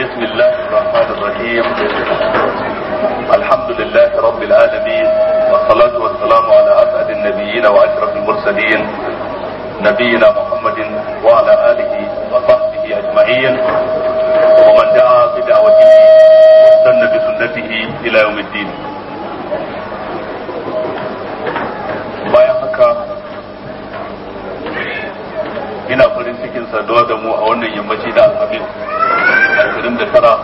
بسم الله الرحمن الرحيم الحمد لله رب العالمين والصلاة والسلام على أسعد النبيين وأشرف المرسلين نبينا محمد وعلى آله وصحبه أجمعين ومن دعا بدعوته واستنى بسنته إلى يوم الدين. ina farin cikin saduwa da mu a wannan yammaci da alhamin ashirin da tara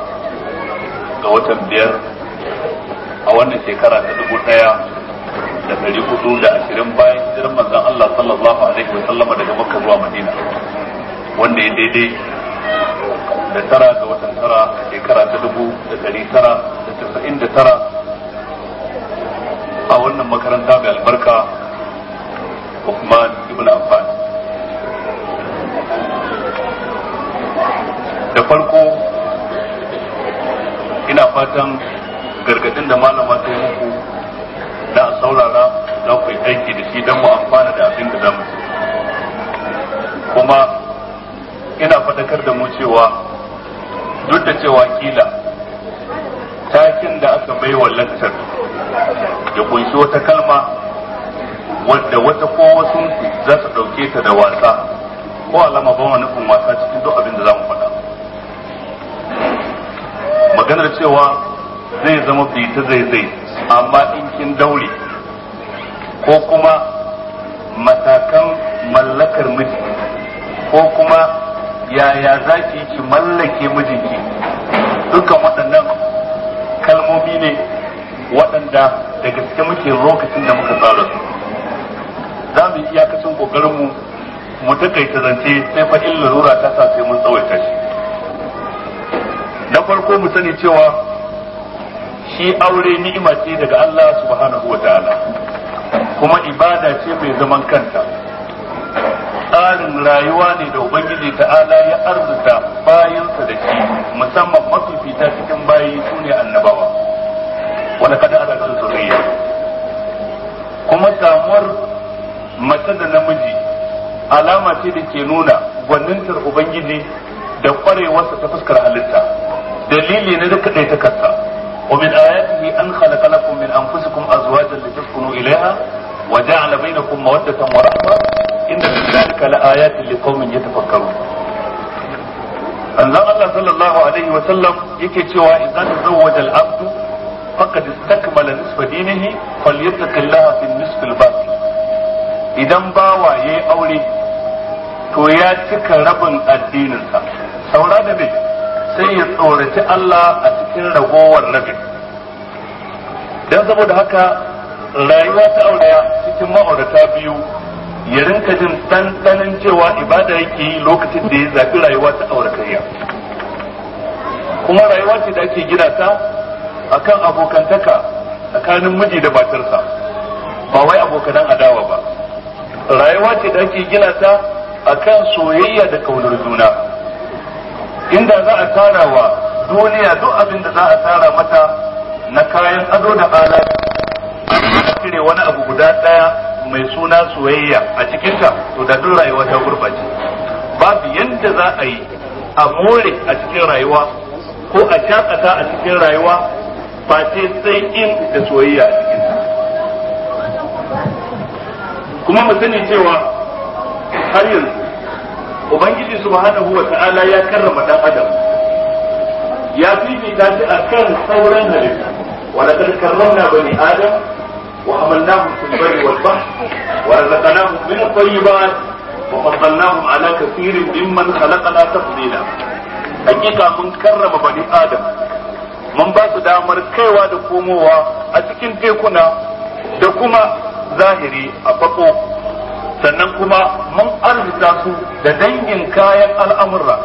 ga watan biyar a wannan shekara ta dubu daya da dari hudu da ashirin bayan jirin manzon Allah sallallahu alaihi wa sallama daga Makka zuwa Madina wanda ya daidai da tara ga watan tara shekara ta dubu da dari tara da casa'in da tara a wannan makaranta mai albarka Uthman ibn Affan da farko ina fatan gargadin da malama ta yi muku da a saurara za ku yi aiki da shi don mu amfana da abin da za mu kuma ina fadakar da mu cewa duk da cewa kila takin da aka bai wa lantar da kunshi wata kalma wadda wata ko wasu za su ɗauke ta da wasa ko alama ba nufin wasa cikin duk abin da za faɗa maganar cewa zai zama fita zai zai amma in kin daure ko kuma matakan mallakar miji ko kuma yaya za ki ki mallake mijinki dukkan waɗannan kalmomi ne waɗanda da gaske muke lokacin da muka tsara su za mu yi iyakacin ƙoƙarinmu mu takaita zance sai fa in ta sa sai mun tsawaita shi na farko mu sani cewa shi aure ni'ima ce daga Allah subhanahu wa ta'ala kuma ibada ce mai zaman kanta tsarin rayuwa ne da ubangiji ta'ala ya arzuta bayansa da shi musamman mafifita cikin bayi sune ne annabawa wanda kada ala kan zuriya kuma samuwar mace da namiji alama ce da ke nuna gwanintar ubangiji da kwarewarsa ta fuskar halitta dalili ne da kadai ta kanta wa min ayatihi an khalaqa lakum min anfusikum azwajan litaskunu ilaiha wa ja'ala bainakum mawaddatan wa rahma inna fi dhalika laayatin liqaumin yatafakkarun anzan Allah sallallahu alaihi wa sallam yake cewa idza tazawwaja al-abdu faqad istakmala nisfa dinihi falyattaqillaha fi nisfi al-baqi idan bawa yayi aure to ya cika rabin addininsa saura da sai ya tsoraci Allah a cikin ragowar nagari don saboda haka rayuwa ta auraya cikin ma'aurata biyu ya rinka jin ɗanɗanin cewa ibada yake yi lokacin da ya zaɓi rayuwa ta auratayya kuma rayuwa ce da ake gina ta kan abokantaka tsakanin miji da matarsa ba wai abokanan adawa ba rayuwa ce da ake gina ta kan soyayya da kaunar juna inda za a tara wa duniya duk abin da za a tara mata na kayan ado da a cire wani abu guda daya mai suna soyayya a cikinta to da duk rayuwa ta gurbace babu yadda za a yi a more a cikin rayuwa ko a shakata a cikin rayuwa ba ce sai in da soyayya a cikinta kuma mu sani cewa har yanzu ubangiji subhanahu wa ta'ala ya karrama dan adam ya fi fifita shi akan sauran halitta wala kad karramna bani adam wa hamalnahum fil barri wal bahr wa razaqnahum min at-tayyibat wa faddalnahum ala kathirin mimman khalaqna tafdila hakika mun karrama bani adam mun ba su damar kaiwa da komowa a cikin tekuna da kuma zahiri a fako sannan kuma mun arzuta su da dangin kayan al'amurra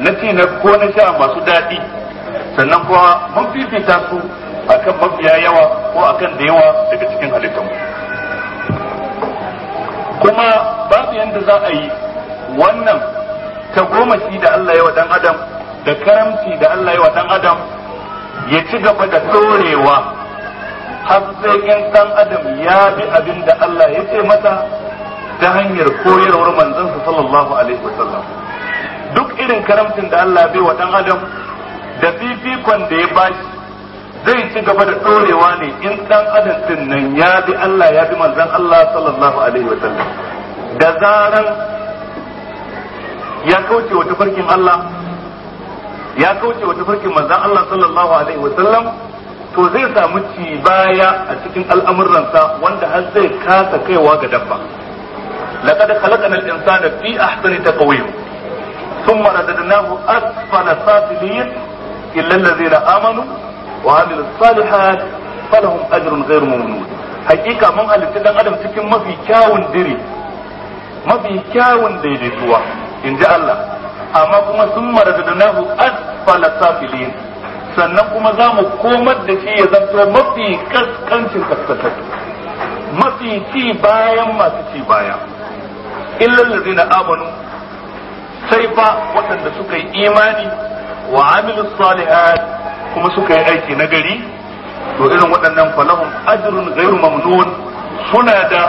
na ci ko na sha masu daɗi sannan kuma mun fifita su akan mafiya yawa ko akan da yawa daga cikin halittanmu kuma babu yadda za a yi wannan ta shi da Allah ya wa dan adam da karamci da Allah ya wa dan adam ya ci gaba da dorewa har sai in dan adam ya bi abin da Allah ya ce masa ta hanyar koyarwar manzansa sallallahu alaihi wasallam duk irin karamcin da Allah bai wa dan adam da fifikon da ya bashi zai ci gaba da dorewa ne in dan adam din nan ya bi Allah ya bi manzan Allah sallallahu alaihi wasallam da zaran ya kauce wa tafarkin Allah ya kauce wa tafarkin manzan Allah sallallahu alaihi wasallam to zai samu ci baya a cikin al'amuransa wanda har zai kasa kaiwa ga dabba لقد خلقنا الانسان في احسن تقويم ثم رددناه اسفل سافلين الا الذين امنوا وعملوا الصالحات فلهم اجر غير ممنون حقيقة من قال لسيدنا قدم سكين ما في كاون ديري ما في كاون ديري سوا ان جاء الله اما كما ثم رددناه اسفل سافلين sannan kuma za mu komar da shi ya zanto mafi kaskancin kaskasar mafi ci bayan masu ci baya. illal na amanu sai fa waɗanda suka yi imani wa amilu salihat kuma suka yi aiki na gari to irin waɗannan falahum ajrun ghairu mamnun suna da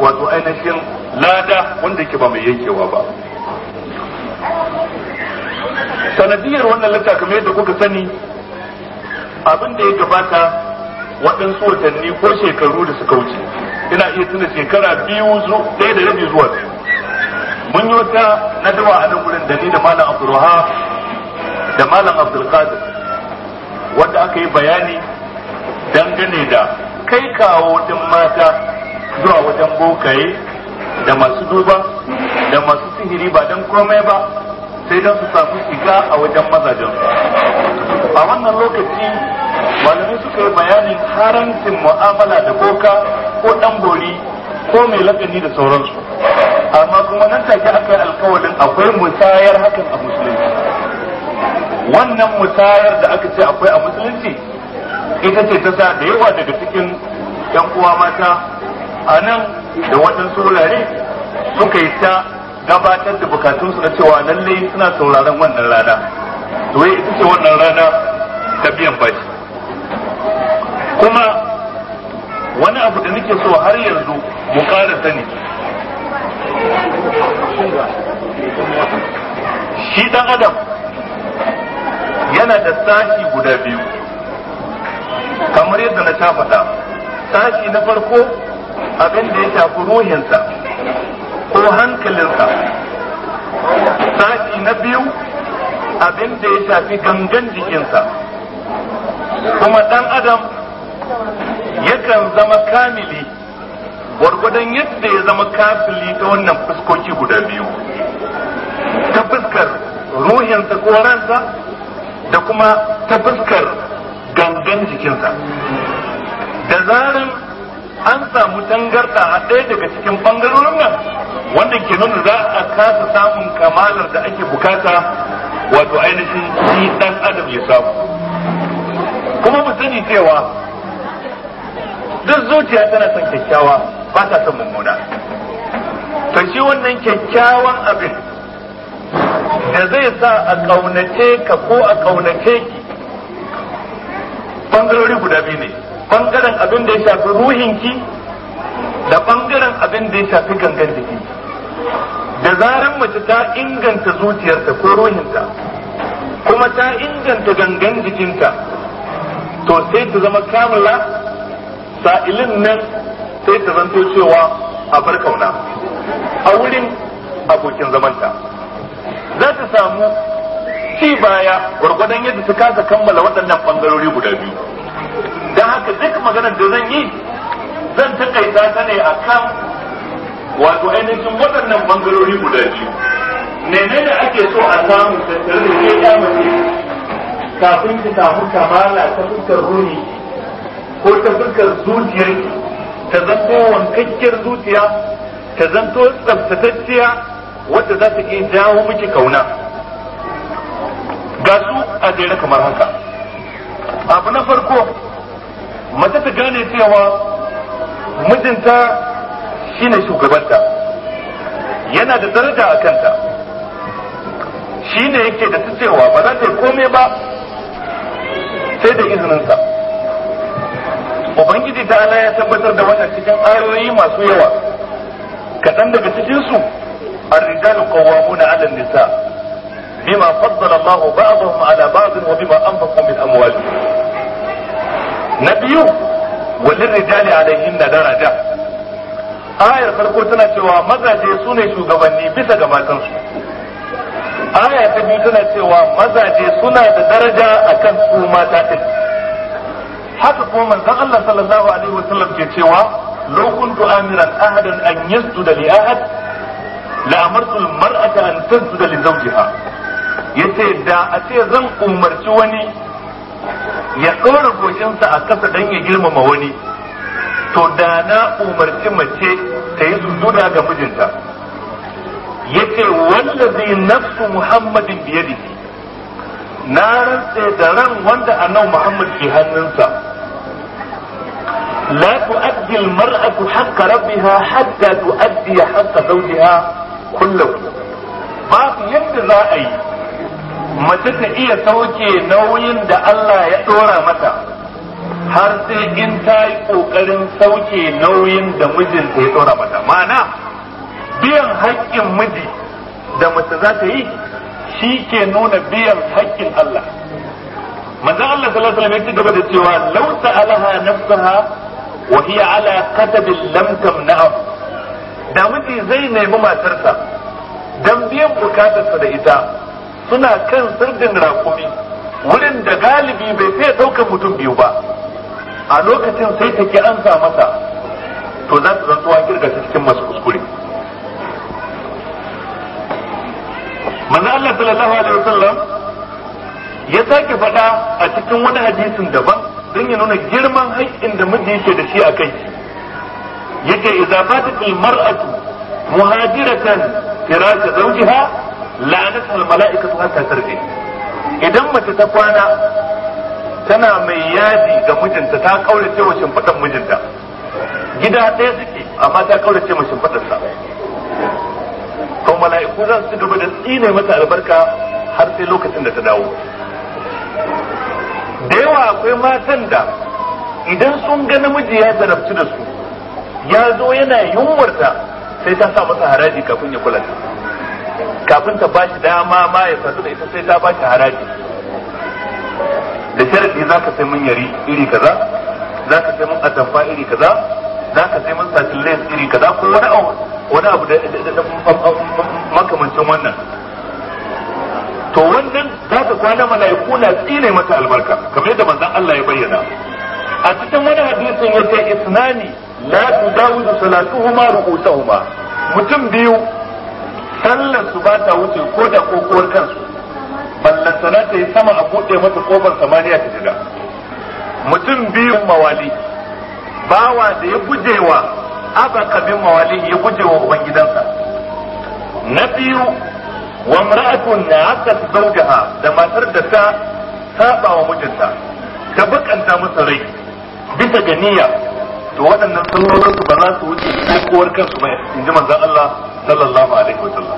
wato ainihin lada wanda yake ba mai yankewa ba sanadiyar wannan lakka kamar yadda kuka sani abin da ya gabata waɗansu watanni ko shekaru da suka wuce ina iya tuna shekara biyu zu ɗaya da rabi zuwa biyu mun yi wata na dawa a nan gurin da ni da malam abdulha da malam abdulkadir wanda aka yi bayani dangane da kai kawo din mata zuwa wajen bokaye da masu duba da masu sihiri ba don komai ba sai don su samu shiga a wajen mazajen a wannan lokaci malamai suka yi bayanin haramcin mu'amala da boka ko dan gori ko mai lakani da sauransu amma kuma nan take aka yi akwai musayar hakan a musulunci wannan musayar da aka ce akwai a musulunci ita ce ta sa da yawa daga cikin yan uwa mata a nan da waɗansu wurare suka yi ta gabatar da bukatunsu na cewa lallai suna sauraron wannan rana to ita ce wannan rana ta biyan baki kuma wani abu da nake so har yanzu mu ƙara sani shi dan adam yana da sashi guda biyu kamar yadda na tafada faɗa sashi na farko abin da ya shafi ruhinsa ko hankalinsa sashi na biyu abin da ya shafi gangan jikinsa kuma dan adam yakan zama kamili gwargwadon yadda ya zama kafili ta wannan fuskoki guda biyu ta fuskar ruhinsa ko da kuma ta fuskar gangan jikinsa da zarin an samu tangarɗa a ɗaya daga cikin ɓangarorin nan wanda ke nuna za a kasa samun kamalar da ake bukata wato ainihin shi ɗan adam ya samu kuma mu sani cewa duk zuciya tana son kyakkyawa ba ta son mummuna to shi wannan kyakkyawan abin da zai sa a kaunace ka ko a kaunace ki bangarori guda biyu ne bangaren abin da ya shafi ruhinki da bangaren abin da ya shafi gangan jiki da zaran mace ta inganta zuciyarta ko ruhinta kuma ta inganta gangan jikinta to sai ta zama kamula sa'ilin nan sai ta zanto cewa a bar kauna a wurin abokin zamanta za ta samu ci baya gwargwadon yadda ta kasa kammala waɗannan ɓangarori guda biyu don haka duk maganar da zan yi zan takaita ta ne a kan wato ainihin waɗannan ɓangarori guda biyu menene ake so a samu tattare da ya mace kafin ki samu kamala ta fuskar runi ko ta fuskar zuciyarki ta zanto wankakkiyar zuciya ta zanto tsaftatacciya wadda za ta iya jawo miki kauna ga su a jere kamar haka abu na farko mace ta gane cewa mijinta shine shugabanta yana da daraja a kanta shine yake da ta cewa ba za ta yi komai ba sai da izininsa ubangiji ta ala ya tabbatar da wannan cikin ayoyi masu yawa kaɗan daga cikinsu الرجال قوامون على النساء wa bima an بعضهم على بعض وبما انفقوا من اموالهم. نبي وللرجال عليهن daraja. ayar farko tana cewa mazaje su ne shugabanni bisa ga matansu aya ta biyu tana cewa mazaje suna da daraja akan su mata ɗin haka kuma manzon Allah sallallahu alaihi wasallam ke cewa law kuntu amiran ahadan an yasjuda li ahad la amartu al mar'ata an tasjuda li zawjiha yace da a ce zan umarci wani ya ɗora gojinsa a kasa dan ya girmama wani to da na umarci mace ta yi da ga mijinta yace wallazi nafsu muhammadin biyadihi na rantse da ran wanda annabi muhammad ke hannunsa لا تؤدي المرأة حق ربها حتى تؤدي حق زوجها كله ما في يد za a yi mace ta iya sauke nauyin da Allah ya ɗora mata har sai in ta yi ƙoƙarin sauke nauyin da mijinta ya ɗora mata mana biyan haƙƙin miji da mace za ta yi shi ke nuna biyan haƙƙin Allah manzon Allah sallallahu alaihi wasallam ya ci gaba da cewa law ta'alaha nafsaha wa hiya ala qadabin lam tamna'u da miji zai nemi matarsa dan biyan bukatarsa da ita suna kan sirdin raƙumi wurin da galibi bai fiye ɗaukar mutum biyu ba a lokacin sai ta kiransa masa to za ta zantuwa kirga ta cikin masu kuskure manzo Allah sallallahu alaihi wasallam ya sake faɗa a cikin wani hadisin daban don ya nuna girman haƙƙin da mun yake da shi a kai yake izafatu fil mar'atu muhajiratan firash zawjiha la'anat al mala'ikatu hatta tarji idan mace ta kwana tana mai yadi ga mijinta ta kaurace wa shimfidan mijinta gida ɗaya suke amma ta kaurace wa shimfidan sa to mala'iku za su gaba da tsine mata albarka har sai lokacin da ta dawo da yawa akwai matan da idan sun ga namiji ya zarafci da su ya zo yana yunwarta sai ta sa masa haraji kafin ya kula ta kafin ta bashi dama ma ya sadu da ita sai ta bashi haraji da sharadi za ka sai mun yari iri kaza za ka sai mun atamfa iri kaza za ka sai mun satin lens iri kaza ko wani abu da makamancin wannan to wannan za ka kwana mala'iku na tsine mata albarka kamar yadda manzon Allah ya bayyana a cikin wani hadisin yace isnani la tudawidu salatuhuma ru'usahuma mutum biyu sallar su ba ta wuce ko da kokowar kansu ballan salata ta yi sama a buɗe mata kofar samaniya ta jira mutum biyu mawali bawa da ya gujewa abaka bin mawali ya gujewa ubangidansa na biyu wa na na'aqat zawjaha da matar da ta saba wa mijinta ta bukanta masa rai bisa ga niyya to waɗannan sallolin su ba za su wuce kowar kansu ba in ji manzon Allah sallallahu alaihi wasallam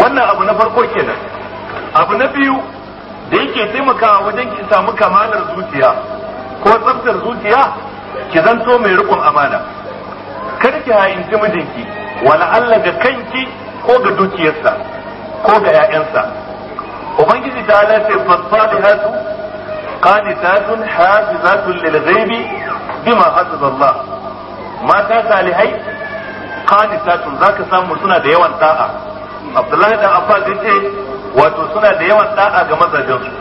wannan abu na farko kenan abu na biyu da yake taimakawa wajen ki samu kamalar zuciya ko tsaftar zuciya ki zanto mai rikon amana kar ki hayinci mijinki wala Allah da kanki ko ga dukiyarsa ko ga 'ya'yansa ubangiji ta ala ce fasalihatu qanitatun hafizatun lil bima hafizallah mata salihai qanitatun zaka samu suna da yawan da'a abdullahi da abbas wato suna da yawan da'a ga mazajensu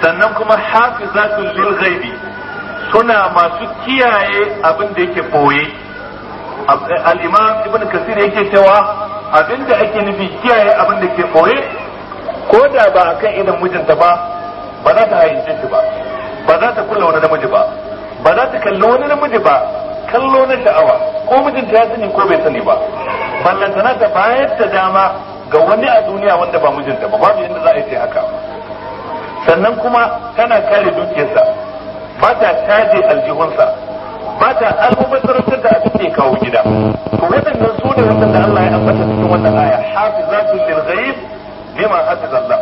sannan kuma hafizatun lil suna masu kiyaye abin da yake boye al-imam ibn kasir yake cewa abinda ake nufi kiyaye abin da ke ɓoye ko da ba a kan idan mijinta ba ba za ta hayyace shi ba ba za ta kula wani namiji ba ba za ta kalli wani namiji ba kallo na sha'awa ko mijinta ya sani ko bai sani ba ballantana ta bayar da dama ga wani a duniya wanda ba mijinta ba babu yadda za a yi haka sannan kuma tana kare dukiyarsa ba ta taje aljihunsa ba ta almubasarantar da sai kawo gida to waɗannan su ne waɗanda Allah ya ambata cikin wannan aya hafizatu lil ghaib lima hafiz Allah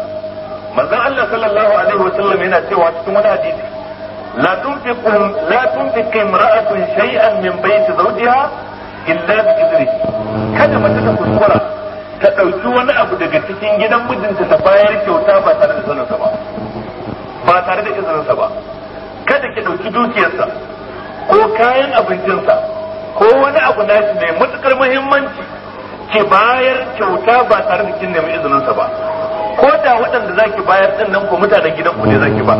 manzon Allah sallallahu alaihi wa wasallam yana cewa cikin wani hadisi la tunfiqu la tunfiqu imra'atun shay'an min bayti zawjiha illa bi idri kada mace ta kuskura ta ɗauki wani abu daga cikin gidan mijinta ta bayar kyauta ba tare da saninsa ba ba tare da izininsa ba kada ki ɗauki dukiyarsa ko kayan abincinsa ko wani abu na shi mai matukar muhimmanci ke bayar kyauta ba tare da kin nemi izinin sa ba ko da waɗanda zaki bayar din nan ko mutanen gidan ku ne zaki ba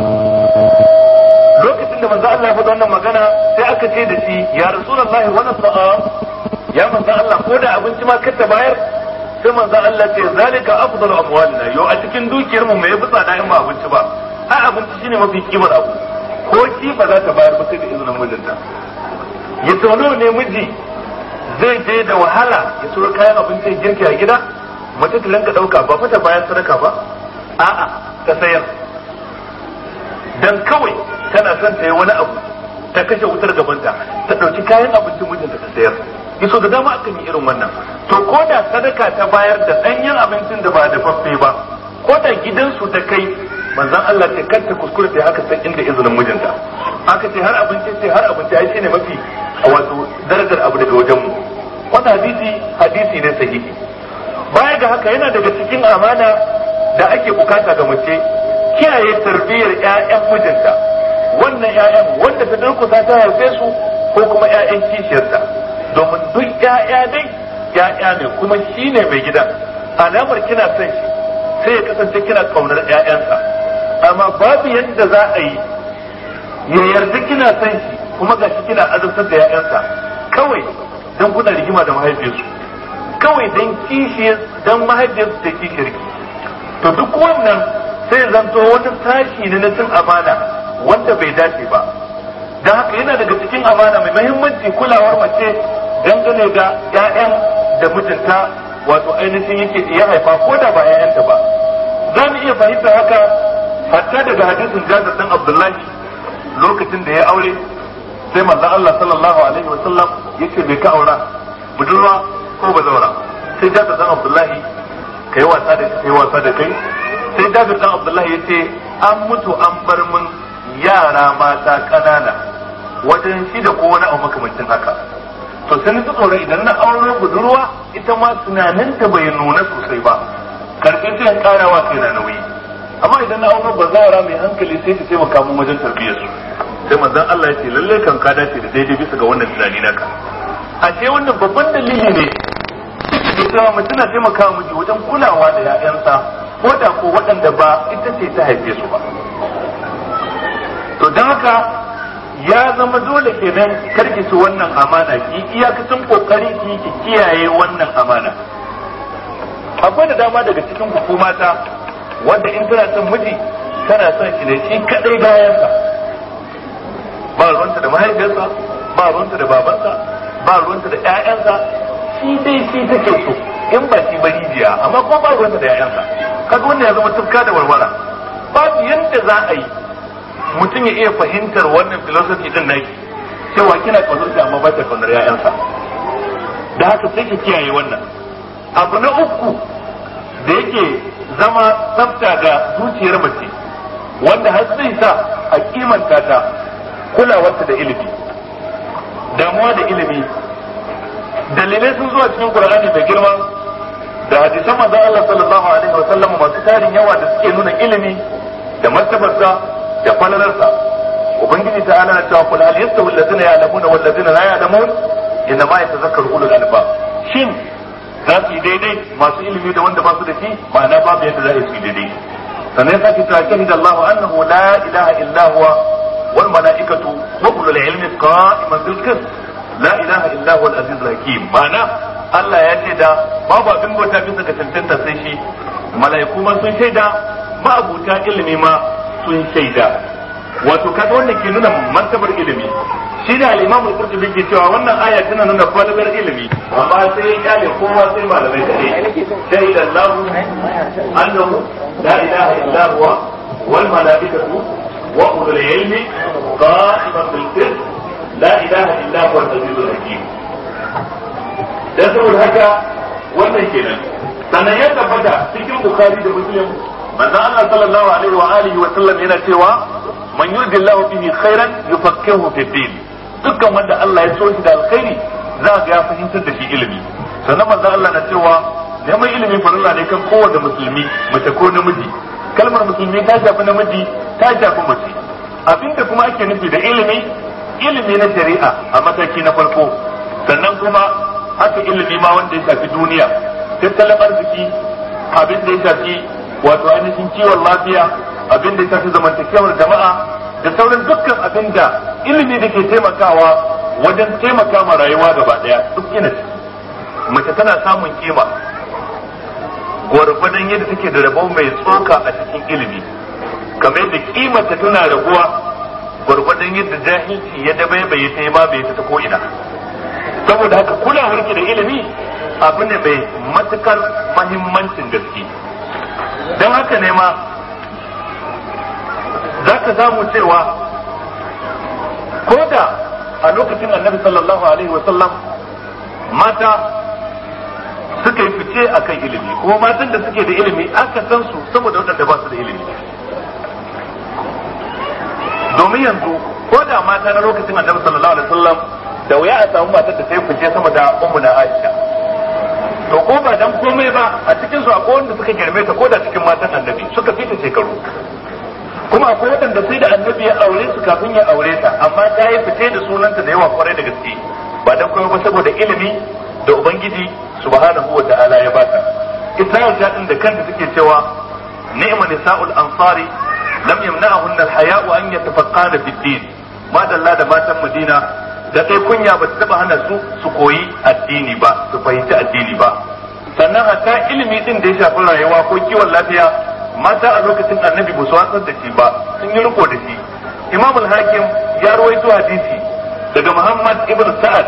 lokacin da manzo Allah ya faɗa wannan magana sai aka ce da shi ya rasulullahi wannan sa'a ya manzo Allah ko da abinci ma kar ta bayar sai manzo Allah ce zalika afdalu amwalina yo a cikin dukiyar mu mai butsa da in ba abinci ba ai abinci shine mafi kimar abu ko ki ba za ta bayar ba sai da izinin mijinta ya tsoro ne miji zai je da wahala ya tsoro kayan abinci girki a gida mace ta lanka ɗauka ba fata bayan sadaka ba a'a ta sayar dan kawai tana son ta yi wani abu ta kashe wutar gabanta ta ɗauki kayan abinci mijinta ta sayar iso da dama akan yi irin wannan to ko da sadaka ta bayar da danyen abincin da ba da dafaffe ba ko da gidansu ta kai manzon Allah ta kanta kuskure ta haka san inda izinin mijinta aka ce har abinci ce har abinci ai shine mafi wato darajar abu daga wajen mu wannan hadisi hadisi ne sahihi baya ga haka yana daga cikin amana da ake bukata ga mace kiyaye tarbiyyar ƴaƴan mijinta wannan ƴaƴan wanda ta durkusa ta haife su ko kuma ƴaƴan kishiyarta domin duk ƴaƴa ne ƴaƴa ne kuma shine mai gidan alamar kina son shi sai ya kasance kina kaunar ƴaƴansa amma babu yadda za a yi ya yarda kina san shi kuma ga shi kina azabtar da 'ya'yansa kawai dan kuna rigima da mahaifiyarsu kawai dan kishi dan mahaifiyarsu ta kishiyar to duk wannan sai zanto wani sashi ne na cin amana wanda bai dace ba da haka yana daga cikin amana mai muhimmanci kulawar mace dangane da 'ya'yan da mijinta wato ainihin yake ya haifa ko da ba yayanta ba za mu iya fahimta haka hatta daga hadisin jabir dan abdullahi lokacin da ya aure sai manzon Allah sallallahu alaihi wa sallam ce bai ka aura budurwa ko bazawara sai Jabir dan Abdullahi kai wasa da kai wasa da kai sai Jabir dan Abdullahi yace an mutu an bar mun yara mata kanana wajen shida ko wani abu makamancin haka to sai ni tsoro idan na aure budurwa ita ma tunaninta bai nuna sosai ba karfin sai karawa kai na nauyi amma idan na aure ba zawara mai hankali sai ta taimaka mun wajen tarbiyyar su sai manzon Allah ya ce lalle kan ka dace da daidai bisa ga wannan tunani naka a ce wannan babban dalili ne da cewa mutum na taimaka miji wajen kulawa da ƴaƴansa ko da ko waɗanda ba ita ce ta haife su ba to dan haka ya zama dole kenan karki su wannan amana ki iyakacin kokari ki ki kiyaye wannan amana akwai da dama daga cikin hukumata wanda in tana son miji tana son shi ne shi kadai bayansa ba ruwanta da mahaifiyarsa ba ruwanta da babansa ba ruwanta da ƴaƴansa shi dai shi take so in ba shi bari rijiya amma ko ba ruwanta da ƴaƴansa kaga wannan ya zama tufka da warwara babu yanda za a yi mutum ya iya fahimtar wannan filosofi din naki cewa kina kaunar shi amma ba ta kaunar ƴaƴansa da haka sai ki kiyaye wannan abu na uku da yake zama tsafta ga zuciyar mace wanda har zai sa a kimanta ta kulawarta da ilimi damuwa da ilimi dalilai sun zuwa cikin qur'ani da girma da hadisan manzo Allah sallallahu alaihi wa sallam masu tarin yawa da suke nuna ilimi da martabarsa da falalarsa ubangiji ta ana cewa kul hal yastawi allazina ya'lamuna wal dama la ya'lamun inma yatazakkaru ulul albab shin za su yi daidai masu ilimi da wanda ba su da shi ma'ana babu yadda za su yi daidai sannan ya ke cewa shahida Allah annahu la ilaha illa huwa wal malaikatu wa kullu ilmi qa'iman bil qist la ilaha illa huwa al-aziz al-hakim ma'ana Allah ya ce da babu abin bauta bisa ga tantanta sai shi mala'iku ma sun shaida ma'abuta ilimi ma sun shaida wato kaga wannan ke nuna martabar ilimi shi da al-imam al-qurtubi ke cewa wannan aya tana nuna falalar ilimi amma sai ya kyale kowa sai malamai ta sai sai da Allah annahu la ilaha illa huwa wal malaikatu wa ulul ilmi qa'iman bil qist la ilaha illa huwa al-azizul hakim dan saboda haka wannan kenan sannan ya tabbata cikin bukhari da muslim manzo Allah sallallahu alaihi wa alihi wa sallam yana cewa man yuridillahu bihi khairan yufaqqihu fi din dukkan wanda Allah ya so shi da alkhairi za ga ya fahimtar da shi ilimi sannan manzo Allah na cewa neman ilimi farilla ne kan kowanne musulmi mace ko namiji kalmar musulmi ta shafi namiji ta shafi mace abinda kuma ake nufi da ilimi ilimi na shari'a a mataki na farko sannan kuma haka ilimi ma wanda ya shafi duniya tattalin arziki abin da ya shafi wato ainihin kiwon lafiya abin da ya shafi zamantakewar jama'a da sauran dukkan abin da ilimi da ke taimakawa wajen taimaka ma rayuwa gaba daya duk ina mace tana samun kima gwargwadon yadda take da rabo mai tsoka a cikin ilimi kamar yadda kimata tana raguwa gwargwadon yadda jahilci ya bai ta yi ma bai ta ko ina saboda haka kulawar ki da ilimi abu ne mai matukar mahimmancin gaske don haka ne ma za ka samu cewa ko da a lokacin annabi sallallahu alaihi wasallam mata suka yi fice a kan ilimi kuma matan da suke da ilimi aka san su saboda waɗanda ba su da ilimi domin yanzu ko da mata na lokacin annabi sallallahu alaihi wasallam da wuya a samu matar da ta yi fice sama da ummu na aisha to ko ba dan komai ba a cikin su akwai wanda suka girme ta ko da cikin matan annabi suka fita shekaru kuma akwai waɗanda sai da annabi ya aure su kafin ya aure ta amma ta yi fice da sunanta da yawa kwarai da gaske ba dan ba saboda ilimi da ubangiji su subhanahu wa ta'ala ya bata isra'il ta ɗin da kanta take cewa ni'ma nisa'ul ansari lam yamna'ahunna al-haya'u an yatafaqqana fid-din madalla da matan madina da kai kunya ba ta taba hana su su koyi addini ba su fahimci addini ba sannan hatta ilimi din da ya shafi rayuwa ko kiwon lafiya mata a lokacin annabi ba su watsar da shi ba sun yi riko da shi imam hakim ya rawaito hadisi daga muhammad ibn sa'ad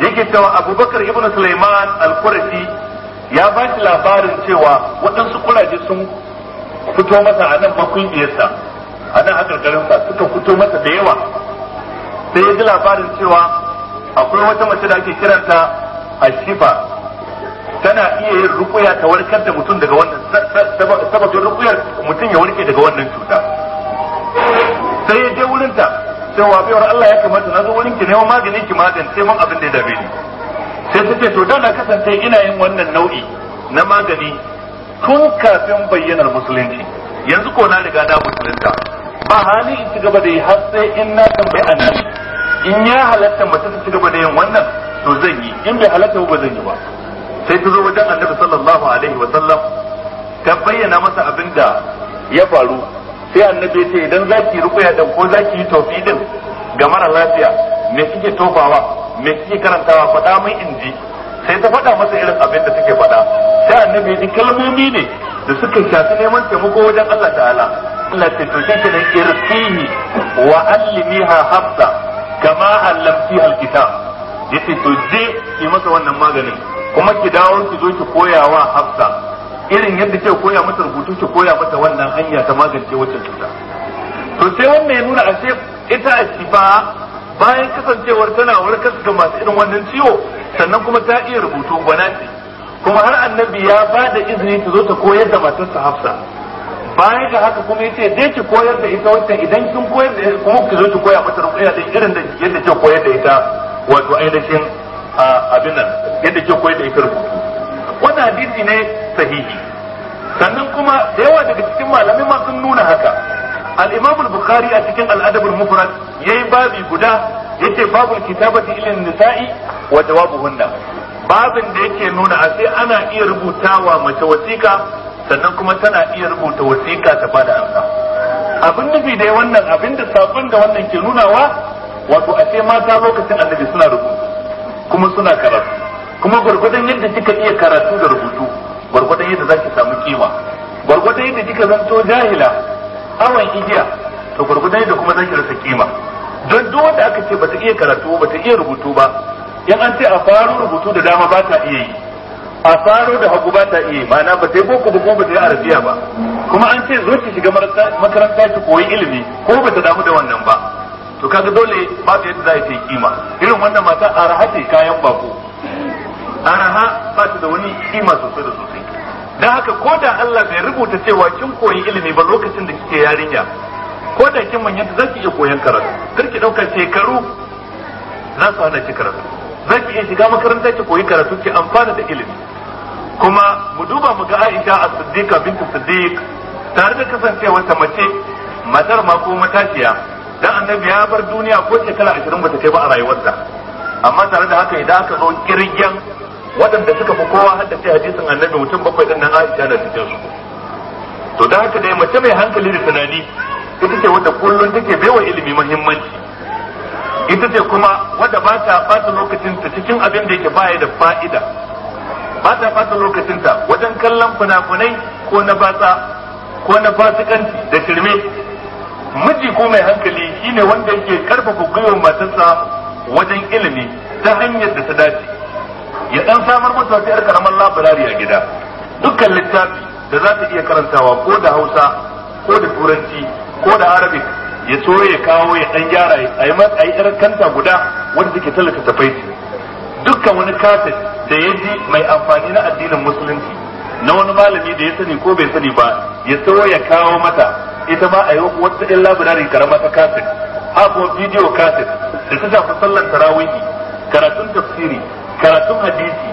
yake cewa abubakar ibn sulaiman al-qurashi ya ba shi labarin cewa waɗansu kuraje sun fito masa a nan makulliyarsa a nan sa suka fito masa da yawa sai ya ji labarin cewa akwai wata mace da ake kiranta ashifa tana iya yin rukuya ta warkar da mutum daga wannan sababin rukuyar mutum ya warke daga wannan cuta sai ya je wurin ta sai wa baiwar Allah ya kamata na zo wurin ki neman magani ki magan sai mun abin da ya dame ni sai take to da na kasance ina yin wannan nau'i na magani tun kafin bayyanar musulunci yanzu ko na riga da musulunta ba hali in ci gaba da yi har sai in na tambayi annabi in ya halatta mace ta ci gaba da yin wannan to zan yi in bai halatta ba zan yi ba sai ta zo wajen annabi sallallahu alaihi wa sallam ta bayyana masa abin da ya faru sai annabi ce idan zaki rukuya dan ko zaki yi tofi din ga mara lafiya me kike tofawa me kike karantawa faɗa mai inji sai ta faɗa masa irin abin da take faɗa sai annabi ji kalmomi ne da suka shafi neman taimako wajen Allah ta'ala Allah ta toke ki da irkihi wa allimiha hafsa kama allamtiha alkitab yace to je ki masa wannan maganin kuma ki dawo ki zo ki koya wa hafsa irin yadda ke koya mata rubutu ki koya mata wannan hanya ta magance wannan cuta to sai wannan ya nuna ashe ita a ba bayan kasancewar tana warkar ga masu irin wannan ciwo sannan kuma ta iya rubutu gwana ce kuma har annabi ya ba da izini ta zo ta koyar da matarsa hafsa bayan ga haka kuma yace dai ki koyar da ita wacce idan kin koyar da kuma ki zo ki koya mata rubutu irin da yadda ke koyar da ita wato ainihin abin nan yadda ke koyar da ita rubutu wannan hadisi ne sahihi sannan kuma da yawa daga cikin malamai ma sun nuna haka al-imam al-bukhari a cikin al-adab al-mufrad yayi babi guda yace babul kitabati ilin nisa'i wa jawabuhunna babin da yake nuna a sai ana iya rubutawa mace wasiƙa sannan kuma tana iya rubuta wasiƙa ta bada amsa abin nufi dai wannan abin da sabon da wannan ke nunawa wato a sai mata lokacin annabi suna rubutu kuma suna karatu kuma gwargwadon yadda kika iya karatu da rubutu gwargwadon yadda zaki samu kima gwargwadon yadda kika zanto jahila awon igiya to gwargwadon yadda kuma zaki rasa kima don duk wanda aka ce bata iya karatu bata iya rubutu ba in an ce a faro rubutu da dama ba ta iya yi a faro da hagu ba ta iya ma'ana ba ta yi boko ba ko ba ta yi arabiya ba kuma an ce zo ki shiga makaranta ki koyi ilimi ko ba ta damu da wannan ba to kaga dole ba ta yadda za ta yi kima irin wannan mata araha ce kayan bako araha ba ta da wani kima sosai da sosai dan haka ko da Allah bai rubuta cewa kin koyi ilimi ba lokacin da kike yarinya ko da kin manyanta zaki iya koyan karatu kar ki ɗaukar shekaru za su hana ki karatu zaki iya shiga makaranta ki koyi karatu ki amfana da ilimi kuma mu duba mu ga Aisha as-Siddiqa bintu Siddiq tare da kasancewa ta mace matar ma ko matashiya annabi ya bar duniya ko shekara ashirin bata kai ba a rayuwarta amma tare da haka idan aka zo kirgen waɗanda suka fi kowa haddace hadisin annabi mutum bakwai ɗin nan Aisha na cikin su to da haka dai mace mai hankali da tunani ita ce wadda kullum take baiwa ilimi muhimmanci ita ce kuma wadda ba ta ɓata lokacin cikin abin da yake baya da fa'ida ba ta ɓata lokacin wajen kallon fina-finai ko na ko na fasikanci da shirme miji ko mai hankali shine wanda yake karfafa gwiwar matarsa wajen ilimi ta hanyar da ta dace ya dan samar mata wata yar karamar labarari a gida dukkan littafi da za ta iya karantawa ko da Hausa ko da Turanci ko da Arabic ya so ya kawo ya dan gyara a yi a kanta guda wanda take tallata ta faice dukkan wani kafin da ya ji mai amfani na addinin musulunci na wani malami da ya sani ko bai sani ba ya so ya kawo mata ita ba a yi wata ɗin labirarin karama ta kafin a kuma bidiyo kafin da ta shafi sallar tarawihi karatun tafsiri karatun hadisi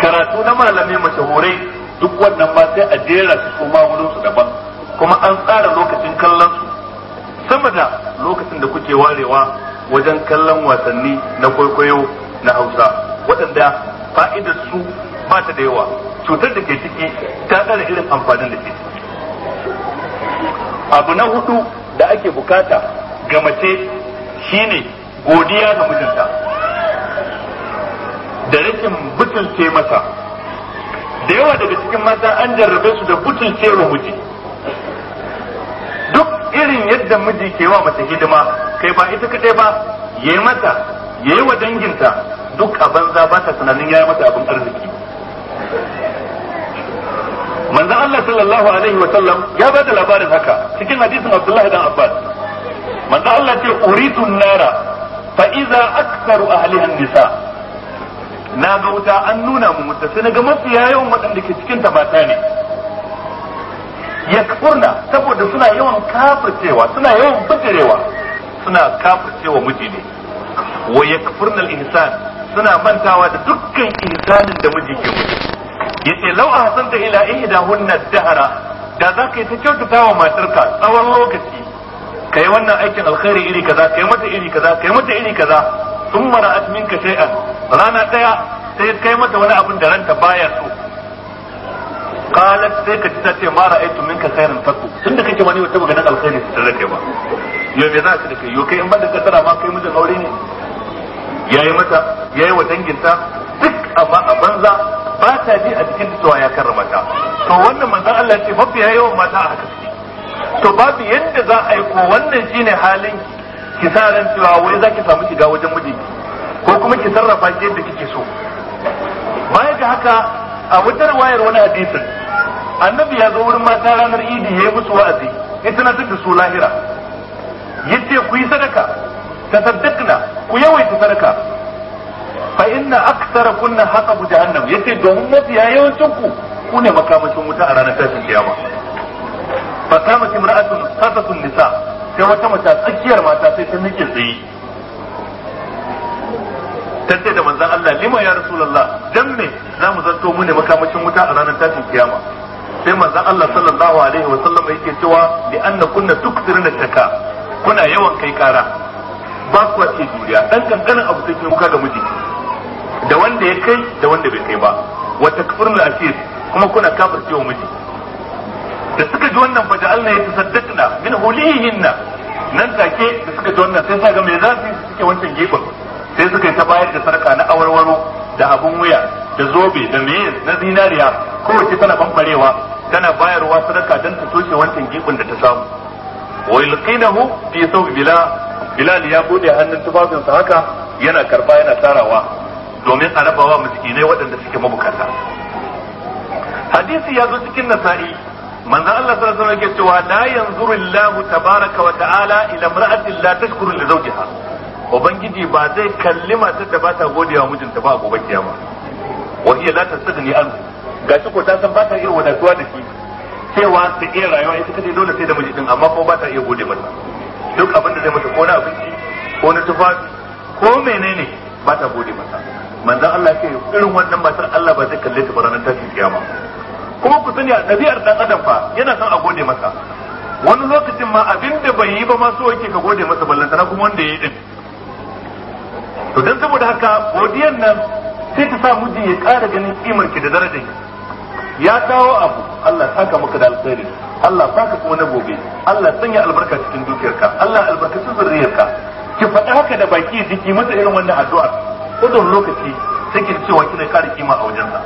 karatu na malamai mashahurai duk wannan ba sai a jera su kuma wurin su daban kuma an tsara lokacin kallon su sama da lokacin da kuke warewa wajen kallon wasanni na kwaikwayo na hausa waɗanda fa'idar su ba ta da yawa cutar da ke ciki ta ƙara irin amfanin da ke ciki abu na hudu da ake bukata ga mace shine godiya ga mijinta da rikin butulce masa da yawa daga cikin mata an jarrabe su da butulce wa miji duk irin yadda miji ke wa mace hidima kai ba ita kadai ba ya yi mata ya yi wa danginta duk a banza ba ta tunanin ya yi mata abin arziki manzon Allah sallallahu alaihi wa sallam ya bada labarin haka cikin hadisin Abdullah dan Abbas manzon Allah ce uritu nara fa iza aktharu ahliha nisa na ga wuta an nuna mu mutta sai ga mafiya yawan waɗanda ke cikin ta mata ne yakfurna saboda suna yawan kafircewa suna yawan fitirewa suna kafircewa miji ne wa yakfurna al-insan suna mantawa da dukkan insanin da miji ke mutu yace law ahsanta ila ihdahunna dahra da zaka yi ta kyautata wa matarka tsawon lokaci kai wannan aikin alkhairi iri kaza kai mata iri kaza kai mata iri kaza sun mara'at ka shay'an rana daya sai kai mata wani abin da ranta baya so qalat sai ka ta ce ma ra'aytu minka khairan taku tunda kake wani wata magana alkhairi ta rake ba yo me zaka ka da kai yo kai in ba da kadara ma kai mutum aure ne yayi mata yayi wa danginta duk amma a banza ba ta ji a cikin cewa ya karrama ta to wannan manzon Allah ce mafi yawan mata a haka to babu yadda za a yi ko wannan shine halin ki sa ran cewa wai zaki samu shiga wajen mijinki ko kuma ki sarrafa shi yadda kike so baya ga haka a wutar wayar wani hadisin annabi ya zo wurin mata ranar idi ya yi musu wa'azi ya na da su lahira yace ku yi sadaka ta saddakna ku yawaita sadaka fa inna aktsara kunna hatabu jahannam yace domin mafiya yawancin ku ku ne makamashin wuta a ranar tashin kiyama fa kama imra'atun sadatun nisa sai wata mata tsakiyar mata sai ta miƙe tsaye tace da manzon Allah lima ya rasulullah dan me za mu zanto mu ne makamashin wuta a ranar tashin kiyama sai manzon Allah sallallahu alaihi wa sallam yake cewa bi anna kunna tuktirna shaka kuna yawan kai kara ba kuwa ce juriya dan kankanin abu sai kuka ga miji da wanda ya kai da wanda bai kai ba wa takfirul asir kuma kuna kafircewa miji da suka ji wannan fa ya tasaddaqna min hulihinna nan take da suka ji wannan sai saka ga me za suke wancan gefen sai suka ta bayar da sarka na awarwaro da abun wuya da zobe da meye na zinariya kowace tana bambarewa tana bayarwa sadaka dan ta toshe wancan gefen da ta samu wa yulqinahu fi sawbi bilal bilal ya bude hannun tufafinsa haka yana karba yana tarawa domin a rabawa miskinai waɗanda suke mabukata hadisi ya zo cikin nasa'i manzo Allah sallallahu alaihi wasallam yake cewa la yanzuru Allahu tabaraka wa ta'ala ila imra'atin la tashkuru li zawjiha ubangiji ba zai kalli matar da ba ta wa mijinta ba a gobe kiyama wa hiya la tastagni an gashi ko ta san ba ta iya wadatuwa da shi cewa ta iya rayuwa ita kace dole sai da miji din amma ko ba ta iya gode masa duk abin da zai mata ko na abinci ko na tufafi ko menene ba ta gode masa manzan Allah ke ce irin wannan matar Allah ba zai kalle ta ba ranar tashin kiyama kuma ku sani a ɗabi'ar dan adam fa yana son a gode masa wani lokacin ma abin da bai yi ba ma so yake ka gode masa sana kuma wanda yi din to dan saboda haka godiyan nan sai ta sa miji ya ƙara ganin kimar ki da darajar ya kawo abu Allah saka maka da alkhairi Allah saka kuma na gobe Allah sanya albarka cikin dukiyarka Allah albarkacin zuriyarka ki faɗa haka da baki jiki masa irin wannan addu'a kudin lokaci take cewa kina kare kima a wajensa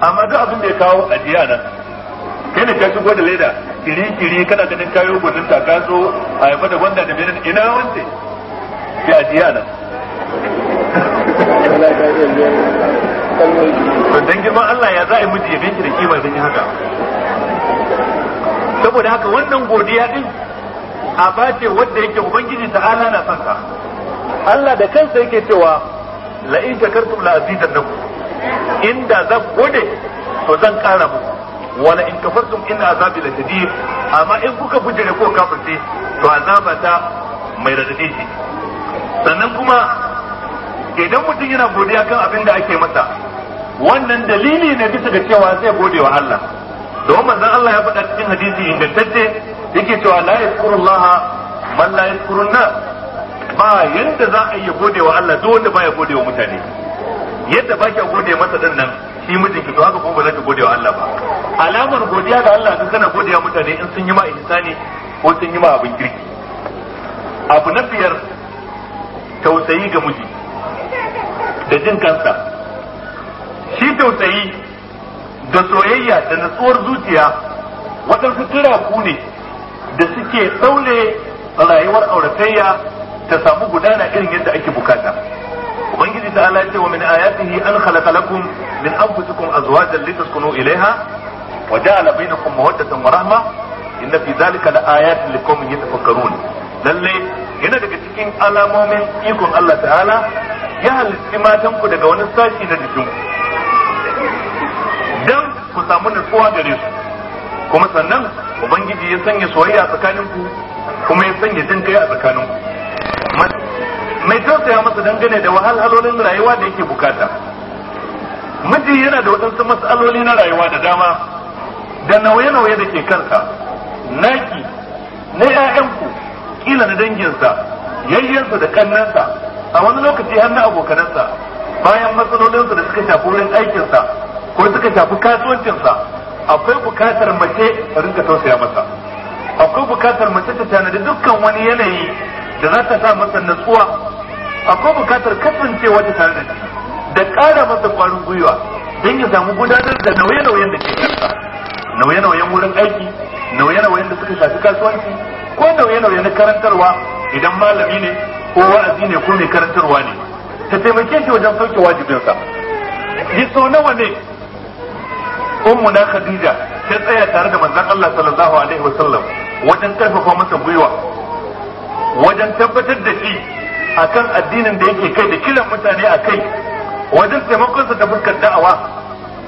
amma duk abin da ya kawo ajiya nan kai ne ka shigo da leda kiri-kiri kana ganin kayo gudun ta ka zo a yaba da gwanda da benin ina wance sai ajiya nan to dan girman Allah ya za'i miji ya binki da kima zan yi haka saboda haka wannan godiya din a bace wanda yake ubangiji ta'ala na sanka. Allah da kansa yake cewa la in shakartum la azidannakum inda za ku gode to zan kara muku wala in kafartum in azabi la shadid amma in kuka bujire ko kafirce to azaba ta mai radadi ce sannan kuma idan mutum yana godiya kan abin da ake masa wannan dalili ne bisa ga cewa zai gode wa Allah don manzon Allah ya faɗa cikin hadisi ingantacce yake cewa la yazkurullaha man la yazkurun ba yanda za a yi gode wa Allah duk wanda baya gode wa mutane yadda ba ki gode masa din nan shi mijin ki to haka kuma ba za ki gode wa Allah ba alamar godiya ga Allah duk kana godiya mutane in sun yi ma ihsani ko sun yi ma abin kirki abu na biyar tausayi ga miji da jin kansa shi tausayi da soyayya da natsuwar zuciya waɗansu kira ku ne da suke tsaule rayuwar auratayya ta samu gudana irin yadda ake bukata ubangiji ta ala ce wa min ayatihi an khalaqa lakum min anfusikum azwajan litaskunu ilaiha wa ja'ala bainakum mawaddatan wa rahma inna fi dhalika laayatin liqaumin yatafakkarun lalle yana daga cikin alamomin ikon Allah ta'ala ya halitti matan ku daga wani sashi na jikin dan ku samu nutsuwa gare su kuma sannan ubangiji ya sanya soyayya tsakaninku kuma ya sanya jin kai a tsakaninku mai tausaya masa dangane da wahalhalolin rayuwa da yake bukata miji yana da waɗansu matsaloli na rayuwa da dama da nauye-nauye da ke kansa naki na 'ya'yanku kila na danginsa yayyansa da kannansa a wani lokaci har na abokanansa bayan matsalolinsa da suka shafi wurin aikinsa ko suka shafi kasuwancinsa akwai bukatar mace a rinka tausaya masa akwai bukatar mace ta tanadi dukkan wani yanayi da za ta sa masa natsuwa akwai bukatar kasance wata tare da shi da ƙara masa ƙwarin gwiwa don ya samu gudanar da nauye-nauyen da ke kansa nauye-nauyen wurin aiki nauye-nauyen da suka shafi kasuwanci ko nauye-nauye na karantarwa idan malami ne ko wa'azi ne ko mai karantarwa ne ta taimake shi wajen sauke wajibinsa Ya so nawa ne ummu na khadija ta tsaya tare da manzon Allah sallallahu alaihi wasallam wajen karfafa masa gwiwa wajen tabbatar da shi kan addinin da yake kai da kiran mutane a kai wajen taimakonsa ta fuskar da'awa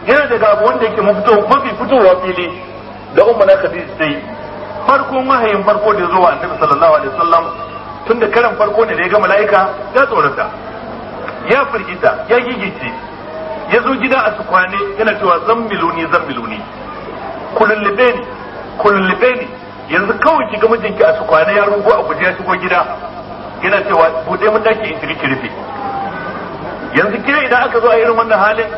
yana da abu wanda yake mafi fitowa fili da ummuna khadija ta yi farkon wahayin farko da zuwa annabi sallallahu alaihi wasallam tun da karan farko ne da ya ga mala'ika ya tsorata ya firgita ya gigice ya zo gida a tukwane yana cewa zan miluni zan miluni ku lullube yanzu kawai ki ga mijinki a sukwane ya rugo a guje ya shigo gida yana cewa bude mun daki in ki yanzu kire idan aka zo a irin wannan halin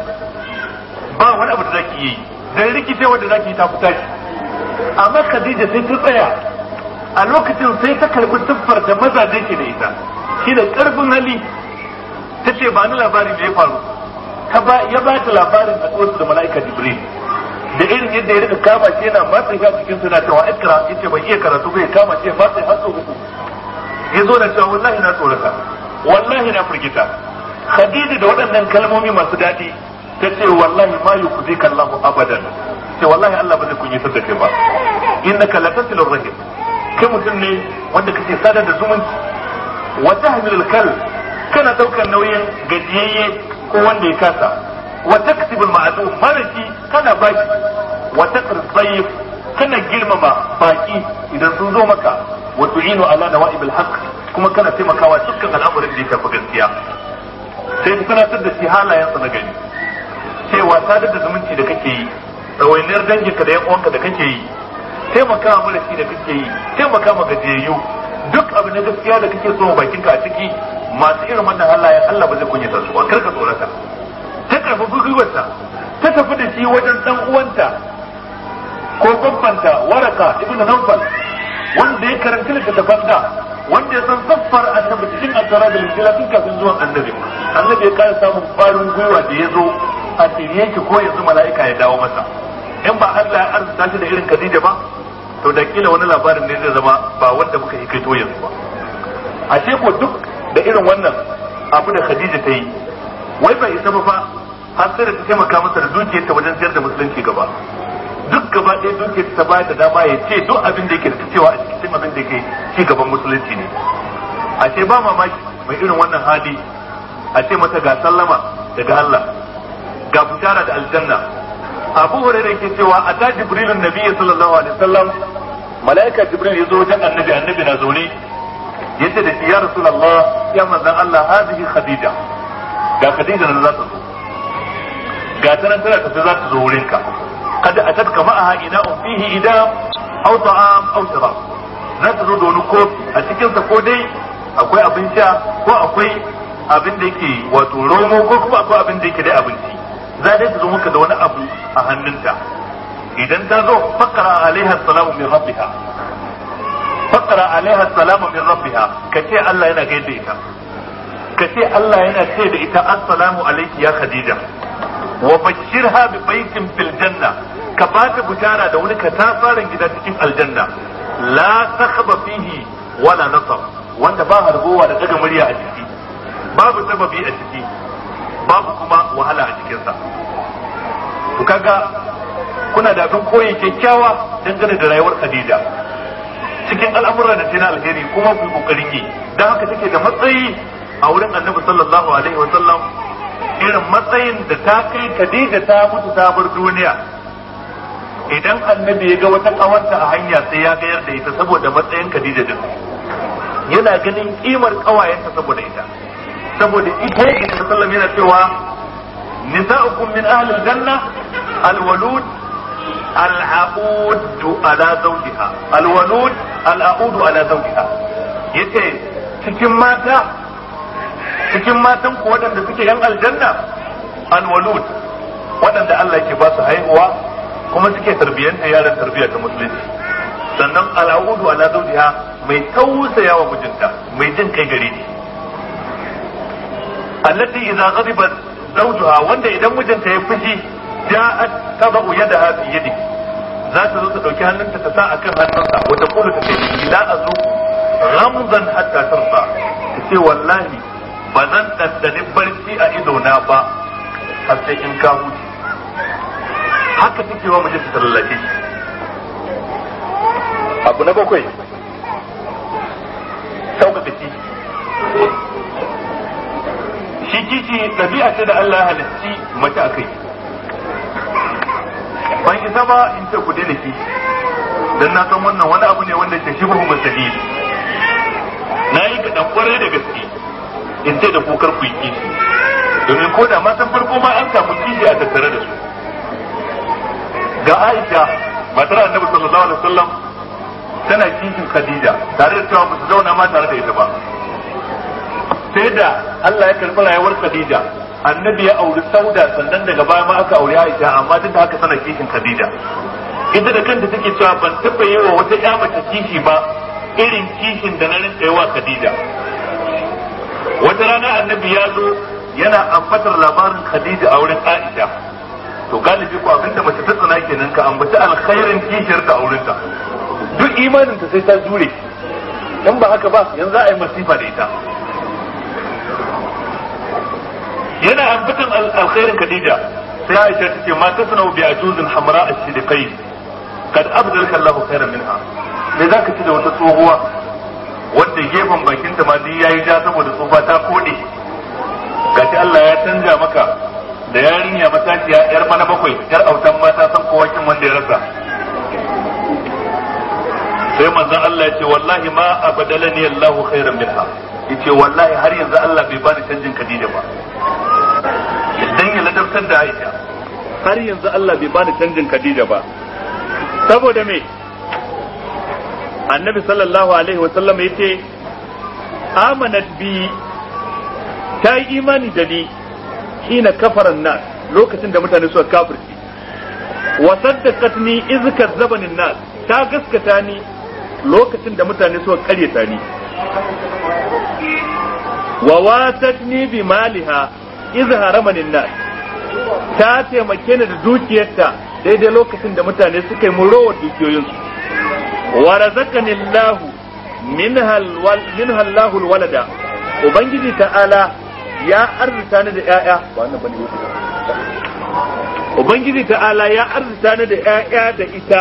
ba wani abu da zaki yi dan rikice wanda zaki ta fita shi amma Khadija sai ta tsaya a lokacin sai ta karbi siffar da da ke da ita shi da karfin hali tace ce ba ni labarin da ya faru ya ba ta labarin a da mala'ika Jibril da irin yadda ya rika kama shi yana matsa shi a cikin suna cewa ikra yace bai iya karatu bai kama shi matsa har sau uku ya zo da cewa wallahi na tsorata wallahi na firgita khadija da waɗannan kalmomi masu daɗi ta ce wallahi ma yukzika Allahu abadan ce wallahi Allah ba zai kunyi ta kai ba innaka la tasilu rahim kai mutum ne wanda kake sadar da zumunci wa tahmilul kal kana daukar nauyin gajiyayye ko wanda ya kasa wa taksibu al maraki kana bashi wa taqri kana girmama baki idan sun zo maka wa tu'inu ala nawa'ib al kuma kana taimakawa dukkan al'amuran da ya shafi gaskiya sai ku tunatar da shi na gani cewa ta da zumunci da kake yi dangin ka da yan uwanka da kake yi taimaka ma marashi da kake yi taimaka maka gajiyayyu duk abu na gaskiya da kake so bakinka a ciki masu irin wannan halayen Allah ba zai kunyata su ba kar ka tsorata ta karfafi gwiwarta ta tafi da shi wajen dan uwanta ko babbanta waraka ibnu nawfal wanda ya karanta littattafan da wanda ya san safar annabi cikin asara da lijila tun kafin zuwan annabi annabi ya kara samun farin gwiwa da ya zo a shirye ki ko yanzu mala'ika ya dawo masa in ba Allah ya arzuta shi da irin Khadija ba to da kila wani labarin ne zai zama ba wanda muka yi kai to yanzu ba a ko duk da irin wannan abu da Khadija ta yi wai bai isa ba har sai da ta taimaka masa da dukiyar ta wajen sayar da musulunci gaba duk gaba ɗaya dukiyar ta baya da dama ya ce duk abin da yake da cewa a cikin abin da yake ci gaban musulunci ne a ce ba mamaki mai irin wannan hali a ce masa ga sallama daga Allah ga da aljanna abu hurairah ke cewa a ta jibrilun nabi sallallahu alaihi wasallam malaika jibril ya zo wajen annabi annabi na zaune yace da shi ya rasulullah ya manzon Allah hadihi khadija ga khadija nan za ta zo ga ta nan tana za ta zo wurinka kad atatka ma'aha ina'un um fihi idam aw ta'am aw sharab za ta zo da wani kofi a cikin sa ko dai akwai abin sha ko akwai abin da yake wato romo ko kuma akwai abin da yake dai abinci za dai ta zo maka da wani abu a hannunta idan ta zo fakara alaiha salamu min rabbiha fakara alaiha salamu min rabbiha kace Allah yana gaida ita kace Allah yana ce da ita assalamu alayki ya khadija wa bashirha bi baitin fil janna ka bata bishara da wani katafaren gida cikin aljanna la sakhaba fihi wala nasab wanda ba harbowa da daga murya a ciki babu sababi a ciki babu kuma wahala a cikinsa to kaga kuna da abin koyi kyakkyawa dangane da rayuwar Khadija cikin al'amuran da tana alheri kuma ku kokarin yi dan haka take da matsayi a wurin Annabi sallallahu alaihi wa sallam irin matsayin da ta kai Khadija ta mutu ta duniya idan annabi ya ga wata kawarta a hanya sai ya gayar da ita saboda matsayin Khadija din yana ganin kimar kawayenta saboda ita saboda ita yake sallallahu yana cewa nisa'ukum min ahli janna alwalud al'aqud ala zawjiha alwalud al'aqud ala zawjiha yace cikin mata cikin matan ku waɗanda suke yan aljanna alwalud waɗanda Allah yake ba su haihuwa kuma suke tarbiyyanta yaran tarbiyya ta musulunci sannan al'audu ala zawjiha mai tausaya wa mijinta mai jin kai gare ni allati idza ghadiba zawjuha wanda idan mijinta ya fushi ja'at tadau yadaha fi yadi za ta zo ta dauki hannunta ta sa akan hannunsa wata kulu ta ce la azu ghamzan hatta tarda ce wallahi ba zan ɗanɗani barci a idona ba har sai in ka huce haka take wa mace ta tallafi. abu na bakwai sauƙaƙa kishi shi kishi ɗabi'a ce da Allah halitti mace a kai ban isa ba in ce ku daina shi. dan na san wannan wani abu ne wanda ke shi ba mustahil na yi ga ɗan da gaske in ce da kukar ku yi kishi domin ko da matan farko ma an samu kishi a tattare da su ga Aisha matar Annabi sallallahu alaihi wasallam tana kishin Khadija tare da cewa ba su zauna ma tare da ita ba sai da Allah ya karɓi rayuwar Khadija Annabi ya auri Sauda sannan daga baya ma aka auri Aisha amma duk da haka tana kishin Khadija ita da kanta take cewa ban taɓa yi wa wata ƴa mace kishi ba irin kishin da na rinka yi wa Khadija wata rana annabi ya zo yana ambatar labarin khadija a wurin aisha to galibi ko abinda mace ta tsana kenan ka ambaci alkhairin kishiyar ta auren ta duk imanin ta sai ta jure in ba haka ba yanzu za a yi masifa da ita yana ambatan alkhairin khadija sai aisha ta ce mata suna bi ajuzin hamra a shidikai kad abdalka allah khairan minha me zaka ci da wata tsohuwa wanda gefen bakin ta ma duk yayi ja saboda tsufa ta kode gashi Allah ya canja maka da yarinya matashiya yar bana bakwai yar autan mata san kowa kin wanda ya rasa sai manzon Allah ya ce wallahi ma abadalani Allah khairan minha yace wallahi har yanzu Allah bai bani canjin Khadija ba idan ya ladabtar da Aisha har yanzu Allah bai bani canjin Khadija ba saboda me annabi sallallahu alaihi wasallam ya ce amanat bi ta yi imani da ni hina kafaran nan lokacin da mutane suka kafirci wa saddaqat ni iz kadzabani nas ta gaskata ni lokacin da mutane suka karyata ni wa watat bi maliha iz haramanin nas ta taimake ni da dukiyarta daidai lokacin da mutane suka yi murowar dukiyoyinsu wa razaqani Allah minha alwal minha Allah ubangiji ta'ala ya arzuta ni da yaya ba wannan bane ubangiji ta'ala ya da ita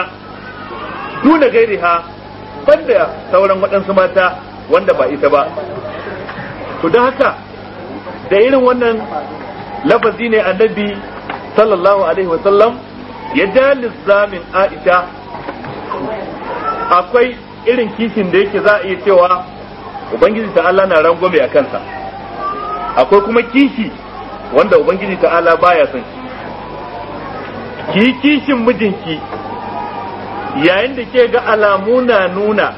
duna gairiha banda sauran waɗansu mata wanda ba ita ba to don haka da irin wannan lafazi ne annabi sallallahu alaihi wasallam ya ja lissamin aisha akwai irin kishin da yake za a iya cewa ubangiji ta'ala na rangwame a kansa akwai kuma kishi wanda ubangiji ta'ala baya son ki yi kishin mijinki yayin da ke ga alamu na nuna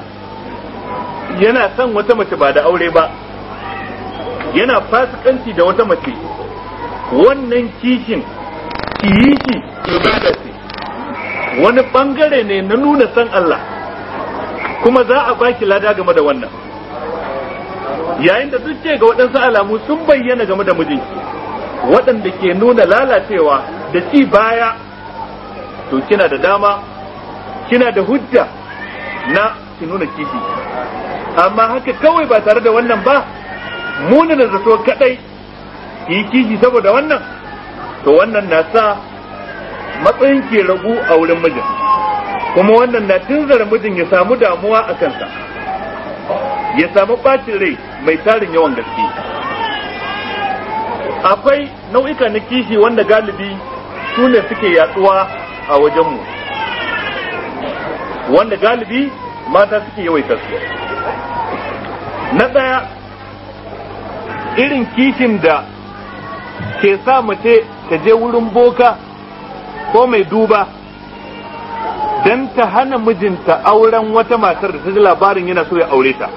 yana son wata mace ba da aure ba yana fasikanci da wata mace wannan kishin ki yi shi wani ɓangare ne na nuna san Allah kuma za a baki lada game da wannan yayin da duk ce ga waɗansu alamu sun bayyana game da mijinki waɗanda ke nuna lalacewa da ci baya to kina da dama kina da hujja na ki nuna kifi. amma haka kawai ba tare da wannan ba munanan zato kadai yi kifi saboda wannan to wannan na sa matsayin ke ragu a wurin mijin kuma wannan na zara mijin ya samu damuwa a kansa ya samu bacin rai mai tarin yawan gaske akwai nau'ika na kishi wanda galibi su ne suke yatsuwa a wajenmu wanda galibi mata suke yawaita su na ɗaya irin kishin da ke sa mace ta je wurin boka ko mai duba dan ta hana mijinta auren wata matar da ta ji labarin yana so ya aure ta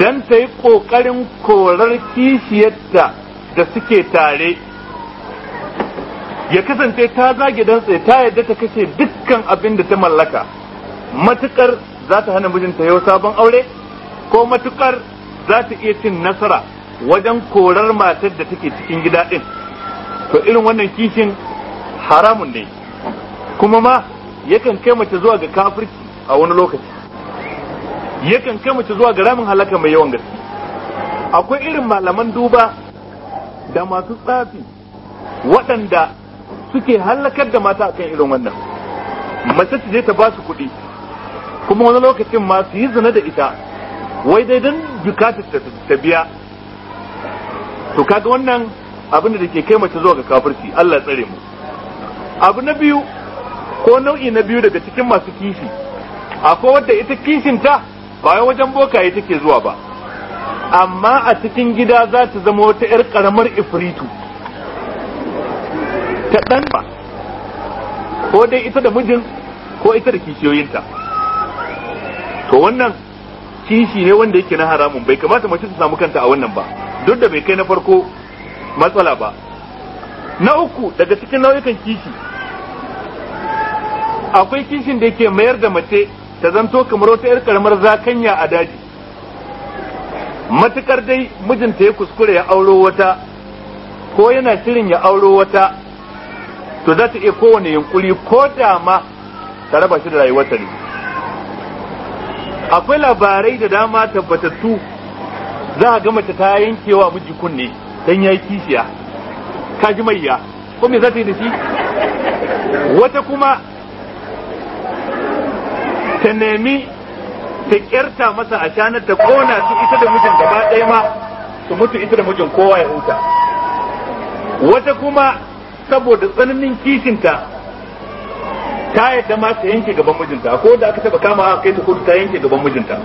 dan ta yi kokarin korar kishiyarta da suke tare ya kasance ta zage dan tsaye ta yadda ta kashe dukkan abin da ta mallaka matukar za ta hana mijinta yau sabon aure ko matukar za ta iya cin nasara wajen korar matar da take cikin gida din to irin wannan kishin haramun ne kuma ma yakan kai mace zuwa ga kafirci a wani lokaci yakan kai mace zuwa ga ramin halaka mai yawan gaske akwai irin malaman duba da masu tsafi waɗanda suke halakar da mata akan irin wannan mace ta je ta ba su kuɗi kuma wani lokacin ma su yi zina da ita wai dai don bukatar ta biya to kaga wannan abin da ke kai mace zuwa ga kafirci Allah tsare mu abu na biyu ko nau'i na biyu daga cikin masu kishi akwai wadda ita kishinta bayan wajen bokaye take zuwa ba amma a cikin gida za ta zama wata 'yar karamar ifritu ta ɗan ba ko dai ita da mijin ko ita da kishiyoyinta to wannan kishi ne wanda yake na haramun bai kamata mace ta samu kanta a wannan ba duk da bai kai na farko matsala ba na uku daga cikin nau'ikan kishi akwai kishin da yake mayar da mace ta zanto kamar wata yar karamar zakanya a daji matukar dai mijinta ya kuskure ya auro wata ko yana shirin ya auro wata to za ta iya kowane yunkuri ko dama ta raba shi da rayuwarta ne akwai labarai da dama tabbatattu za a ga ta yankewa miji kunne don ya yi kishiya ka ji mayya ko me za ta yi da shi wata kuma ta nemi ta kyarta masa a shanar ta kona su ita da mijin gaba ɗaya ma su mutu ita da mijin kowa ya huta wata kuma saboda tsananin kishinta ta yadda ma ta yanke gaban mijinta ko da aka taba kama aka kai ta kudu ta yanke gaban mijinta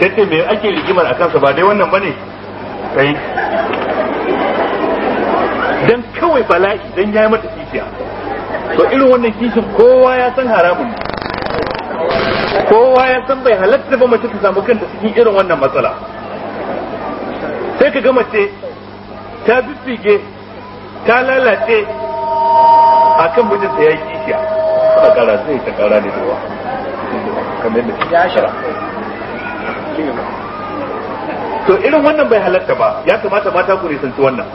ta ce me ake rigimar a kansa ba dai wannan bane sai dan kawai bala'i dan yi mata kishiya to irin wannan kishin kowa ya san haramun ne kowa ya san bai halatta ba mace ta samu kanta cikin irin wannan matsala sai ka ga mace ta bibbige ta lalace a kan mijinta ya yi kishiya ta kara sai ta kara ne zuwa kamar da ya shara to irin wannan bai halatta ba ya kamata mata ku nisanci wannan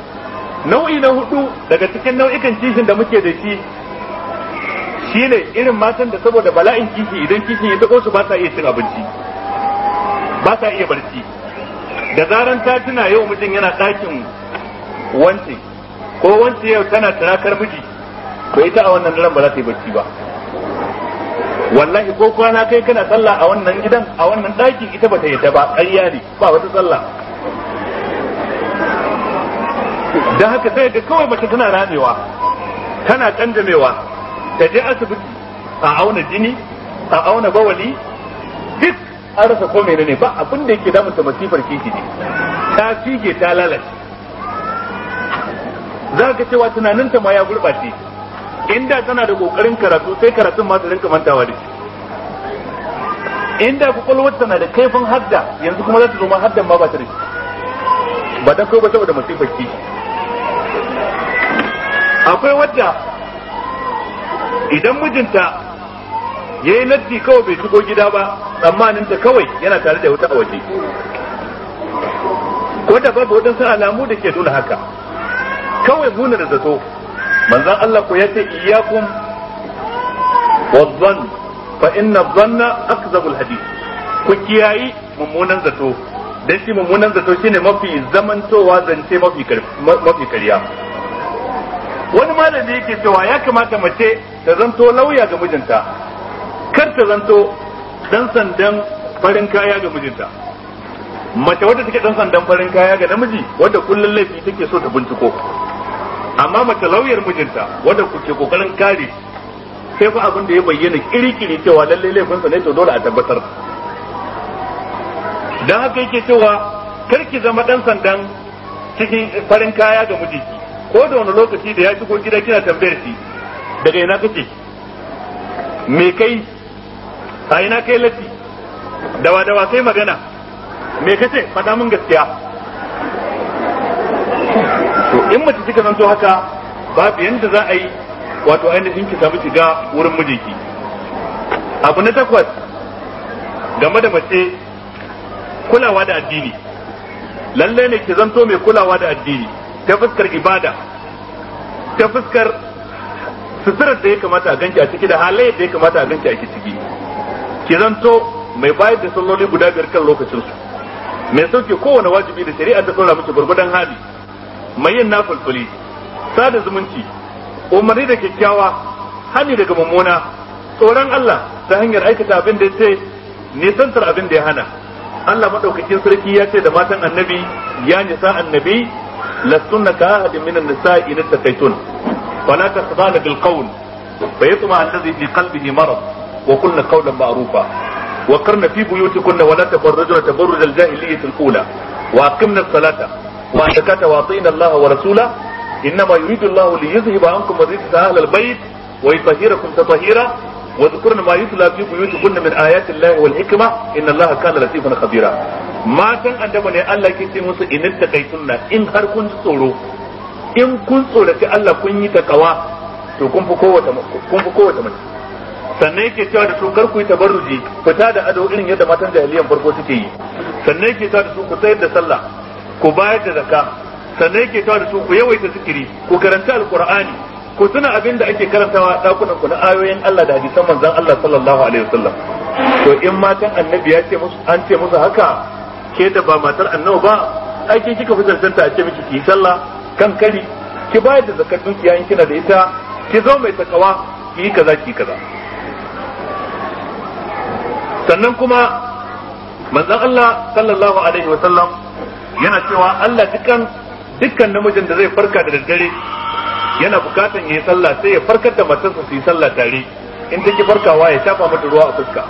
nau'i na hudu daga cikin nau'ikan kishin da muke da shi shine irin matan da saboda bala'in kishi idan kishin ya taɓo su ba sa iya cin abinci ba sa iya barci da zaran ta tuna yau mijin yana ɗakin wance ko wance yau tana tunakar miji to ita a wannan daren ba za ta yi barci ba wallahi ko kwana kai kana sallah a wannan gidan a wannan ɗakin ita ba ta yi ta ba ƙarya ne ba wata sallah da haka sai ga kawai mace tana ramewa tana canjamewa ka je asibiti a auna jini a auna bawali duk an rasa ko ne ba abin da yake damun ta masifar kiki ne ta fige ta lalace za ka cewa tunaninta ma ya gurɓace inda tana da kokarin karatu sai karatun ma ta rinka mantawa da shi inda kwakwalwar tana da kaifin hadda yanzu kuma za ta zo ma haddan ma ba ta da ba ta kai ba saboda masifar kiki akwai wadda idan mijinta ya yi latti kawai bai shigo gida ba tsammanin ta kawai yana tare da wuta a waje ko da babu waɗansu alamu da ke nuna haka kawai nuna da zato manzan Allah ku ya ce iyakun wazzan fa inna zanna akzabul hadith ku kiyayi mummunan zato dan shi mummunan zato shine mafi zamantowa zance mafi mafi wani malami yake cewa ya kamata mace ta zanto lauya ga mijinta kar ta zanto dan sandan farin kaya ga mijinta mace wadda take dan sandan farin kaya ga namiji wadda kullun laifi take so ta binciko amma mace lauyar mijinta wadda kuke kokarin kare sai fa abin da ya bayyana kirikiri cewa lalle laifin sa ne to dole a tabbatar dan haka yake cewa karki zama dan sandan cikin farin kaya ga mijinki ko da wani lokaci da ya shigo gida kina tambayar shi daga ina kake me kai a ina kai lati dawa dawa kai magana me kace faɗa mun gaskiya to in mace kika zanto haka babu yanda za a yi wato ainihin ki samu shiga wurin mijinki abu na takwas game da mace kulawa da addini lallai ne ki zanto mai kulawa da addini ta fuskar ibada ta fuskar suturar da ya kamata a ganci a ciki da halayyar da ya kamata a ganci a ciki ki zanto mai bayar da salloli guda biyar kan lokacin su mai sauke kowane wajibi da shari'a ta tsora miki gurgudan hali mai yin nafulfuli sada zumunci umarni da kyakkyawa hani daga mummuna tsoron Allah ta hanyar aikata abin da ya ce nisantar abin da ya hana Allah madaukakin sarki ya ce da matan annabi ya nisa annabi لستن كأحد من النساء إن اتقيتن فلا تخضعن بالقول فيطمع الذي في قلبه مرض وقلن قولا معروفا وقرن في بيوتكن ولا تبرجن تبرج الجاهلية الأولى وأقمن الصلاة والزكاة وأطينا الله ورسوله إنما يريد الله ليذهب عنكم الرجس أهل البيت ويطهركم تطهيرا Wasu dhukurna ma yutla fi buyutikunna min ayati llahi wal hikma inna allaha kana latifan khabira matan annabi ne Allah ke ce musu in taqaitunna in har kun tsoro in kun tsorata Allah kun yi to kun fi kowace kun fi kowace mace sannan yake cewa da su kar ku yi tabarruji fita da ado irin yadda matan jahiliyan farko suke yi sannan yake cewa da su ku tsayar da sallah ku bayar da zakka sannan yake cewa da su ku yawaita zikiri ku karanta alqur'ani ku tuna abin da ake karantawa dakunan ku na ayoyin Allah da hadisan manzon Allah sallallahu alaihi wasallam to in matan annabi ya ce musu an ce musu haka ke da ba matar annabi ba aiki kika fi zantanta a ce miki ki sallah kan kari ki bayar da zakar dukiya in kina da ita ki zo mai takawa ki kaza ki kaza sannan kuma manzon Allah sallallahu alaihi wasallam yana cewa Allah dukan dukkan namijin da zai farka da daddare yana bukatan yayi sallah sai ya farkar da matarsa su yi sallah tare in take farkawa ya shafa mata ruwa a fuska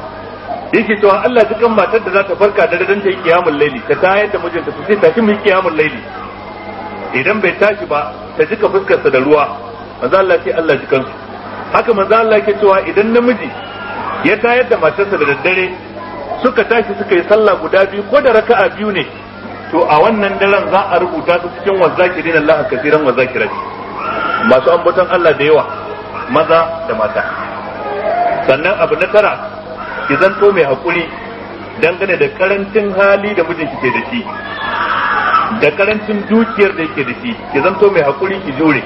yake cewa Allah dukan matar da za ta farka da dan ta yi kiyamul laili ta tayar da mijinta su sai tashi mu yi kiyamul laili idan bai tashi ba ta jika fuskarsa da ruwa manzo Allah sai Allah jikan su haka manzo Allah yake cewa idan namiji ya tayar da matarsa da daddare suka tashi suka yi sallah guda biyu ko da raka'a biyu ne to a wannan daren za a rubuta su cikin wazakirin Allah kasiran wazakirati masu ambaton Allah da yawa maza da mata sannan abu na tara ki zanto mai hakuri dangane da karancin hali da mijinki ke da shi da karancin dukiyar da yake da shi ki zanto mai hakuri ki jure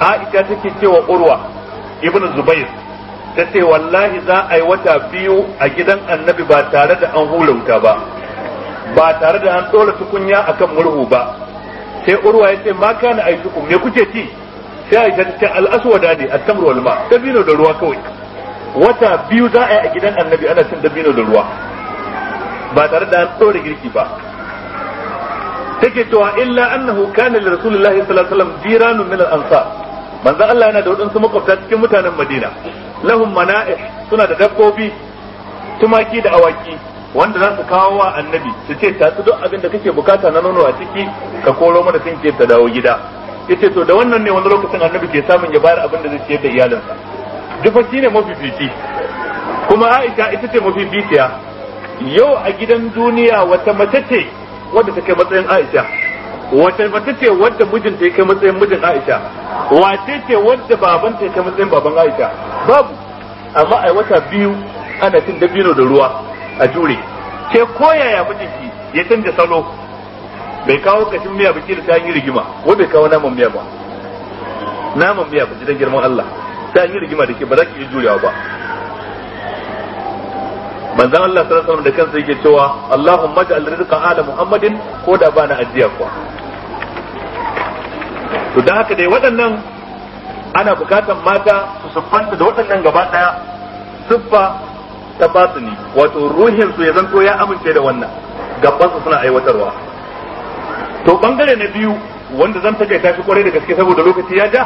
Aisha take cewa Urwa ibn Zubair ta ce wallahi za a yi wata biyu a gidan annabi ba tare da an hula wuta ba ba tare da an ɗora tukunya akan murhu ba sai Urwa ya ce ma kana aitukum me kuke ci sai aisha ta ce al'aswada ne al tamr wal ma dabino da ruwa kawai wata biyu za a yi a gidan annabi ana cin dabino da ruwa ba tare da an ɗora girki ba take cewa illa annahu kana li rasulillahi sallallahu alaihi wasallam jiranu min al-ansar manzo Allah yana da wadansu makwabta cikin mutanen Madina lahum mana'ih suna da dabbobi tumaki da awaki wanda za su kawo wa annabi su ce ta duk abin da kake bukata na nono a ciki ka koro mana sun ta dawo gida yace to da wannan ne wani lokacin annabi ke samun ya bayar abin da zai ciyar da iyalinsa dufa shine mafifici kuma Aisha ita ce mafificiya yau a gidan duniya wata mace ce wadda ta kai matsayin Aisha wata mace ce wadda mijinta ya kai matsayin mijin Aisha wace ce wadda babanta ya kai matsayin baban Aisha babu amma ai wata biyu ana cin dabino da ruwa a jure ke koyaya mijinki ya canja salo bai kawo kashin miya ba kila ta yi rigima ko bai kawo naman miya ba naman miya ba jidan girman Allah ta yi rigima da ke ba za ki iya jurewa ba manzon Allah sallallahu alaihi wasallam da kansa yake cewa Allahumma ja'al rizqa ala Muhammadin ko da na ajiya kuwa to da haka dai waɗannan ana bukatan mata su siffanta da waɗannan gaba daya siffa ta batini wato ruhin su ya zanto ya amince da wannan gaban su suna aiwatarwa to bangare na biyu wanda zan take tafi kwarai da gaske saboda lokaci ya ja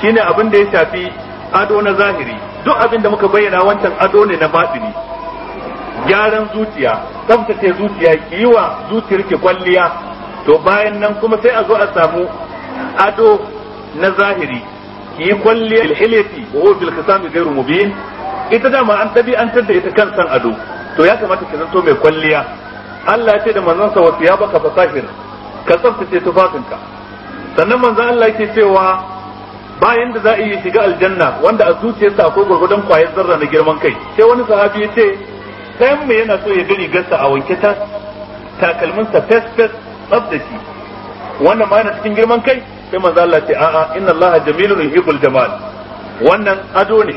shine abin da ya shafi ado na zahiri duk abin da muka bayyana wancan ado ne na batini gyaran zuciya tsaftace zuciya kiwa zuciyar ki kwalliya to bayan nan kuma sai a zo a samu ado na zahiri ki yi kwalliya ilhilati wa huwa bil khisami ghairu mubin ita dama an an da ita kan san ado to ya kamata ki zanto mai kwalliya Allah ya ce da manzon sa wasu ya baka fasahir ka tsaftace tufafinka sannan manzo Allah yake cewa bayan da za a yi shiga aljanna wanda a zuciyarsa akwai gurgurdan kwayar zarra na girman kai sai wani sahabi ya ce sayan mu yana so ya gani gasa a wanke ta takalminsa fes fes tsaftace wannan ma yana cikin girman kai sai manzo Allah ya ce a'a inna Allah jamilun yuhibbul jamal wannan ado ne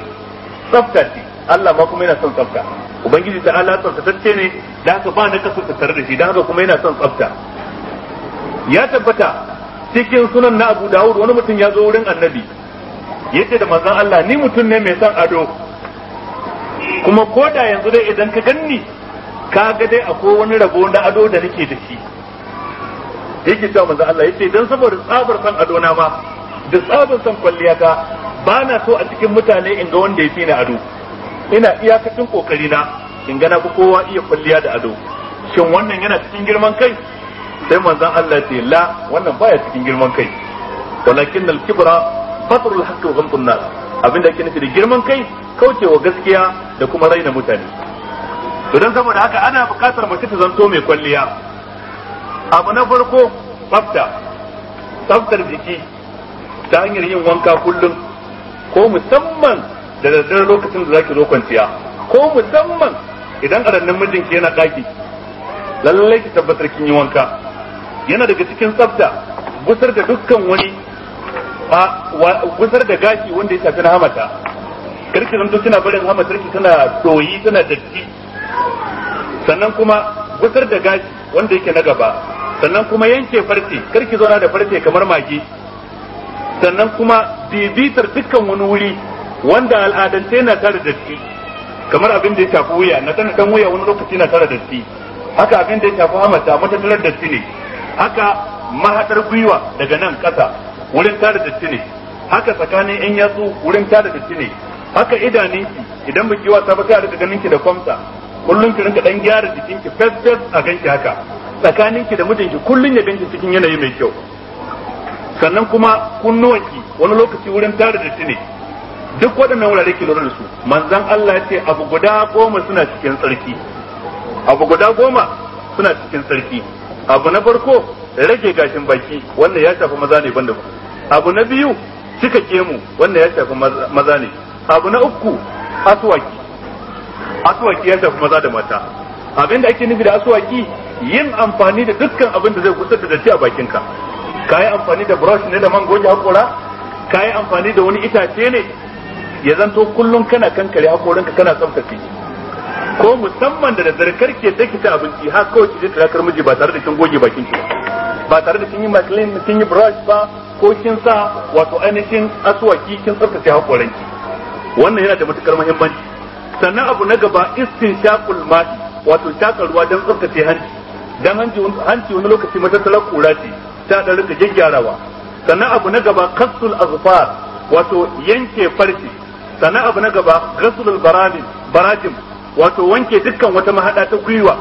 tsafta Allah ma kuma yana son tsafta ubangiji ta'ala Allah tsaftatacce ne da haka ba na kasu tare da shi da haka kuma yana son tsafta ya tabbata cikin sunan na Abu Dawud wani mutum ya zo wurin Annabi yace da manzon Allah ni mutum ne mai son ado kuma ko da yanzu dai idan ka ganni ka ga dai akwai wani rabo na ado da nake da shi yake cewa manzon Allah yace dan saboda tsabar son ado na ma da tsabar san kwalliya ka na so a cikin mutane in ga wanda ya fi na ado ina iyakacin kokari na in ga na kowa iya kwalliya da ado shin wannan yana cikin girman kai sai manzon Allah ce la wannan baya cikin girman kai walakin al-kibra fatrul haqqi wa ghamtun nas abinda ake nufi da girman kai kaucewa gaskiya da kuma raina mutane to dan saboda haka ana buƙatar mace ta zanto mai kwalliya abu na farko tsafta tsaftar jiki ta hanyar yin wanka kullum ko musamman da daddare lokacin da zaki zo kwanciya ko musamman idan arannin mijinki yana ɗaki lallai ki tabbatar kin yi wanka yana daga cikin tsafta gusar da dukkan wani a gusar da gashi wanda ya shafi na hamata karki zanto kina barin ki tana doyi tana datti sannan kuma gusar da gashi wanda yake na gaba sannan kuma yanke farce karki zauna da farce kamar mage sannan kuma bibitar dukkan wani wuri wanda al'adance na tare datti kamar abin da ya shafi wuya na tana dan wuya wani lokaci na tare datti haka abin da ya shafi hamata matattarar datti ne haka mahaɗar gwiwa daga nan ƙasa wurin tada datti ne haka tsakanin yan yatsu wurin tada datti ne haka idanunki idan baki wasa ba sai a rika ganin da kwamsa kullum ki rinka dan gyara jikinki fes fes a ganki haka tsakaninki da mijinki kullum ya ganki cikin yanayi mai kyau sannan kuma kunnuwanki wani lokaci wurin tara datti ne duk waɗannan wurare ke lura da su manzon Allah ya ce abu guda goma suna cikin tsarki abu guda goma suna cikin tsarki abu na farko rage gashin baki wannan ya shafi maza ne banda abu na biyu cika kemu wannan ya shafi maza ne abu na uku aswaki aswaki ya shafi maza da mata abin da ake nufi da aswaki yin amfani da dukkan abin da zai kusa da datti a bakinka ka yi amfani da brush ne da man goge hakora ka yi amfani da wani itace ne ya zanto kullum kana kankare hakorinka kana tsaftace ko musamman da daddare karke ta ki ci abinci har kawai ki je tirakar miji ba tare da kin goge bakin ki ba tare da kin yi maklin kin yi brush ba ko kin sa wato ainihin aswaki kin ta hakoran ki wannan yana da matukar muhimmanci sannan abu na gaba istinshaqul ma'i wato shakar ruwa dan ta hanci dan hanci hanci wani lokaci matattalar kura ce ta da rika gyaggyarawa sannan abu na gaba kasul azfar wato yanke farce sannan abu na gaba kasul barani barajim wato wanke dukkan wata mahada ta gwiwa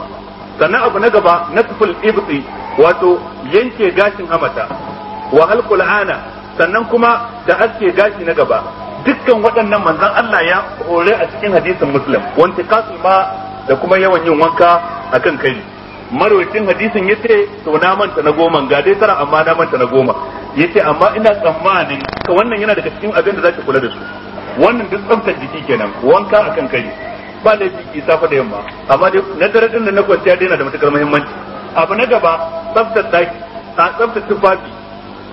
sannan abu na gaba na tuful ibti wato yanke gashin Amata wa halqul ana sannan kuma da aske gashi na gaba dukkan waɗannan manzon Allah ya hore a cikin hadisin muslim wanti kasul ma da kuma yawan yin wanka akan kai marwacin hadisin yace to na manta na goma ga dai tara amma na manta na goma yace amma ina tsammanin ka wannan yana daga cikin abin da zaki kula da su wannan duk tsaftar jiki kenan wanka akan kai ba da shi safa da yamma amma dai na dare din da na kwanciya dai yana da matukar muhimmanci abu na gaba tsaftar daki a tsaftar tufafi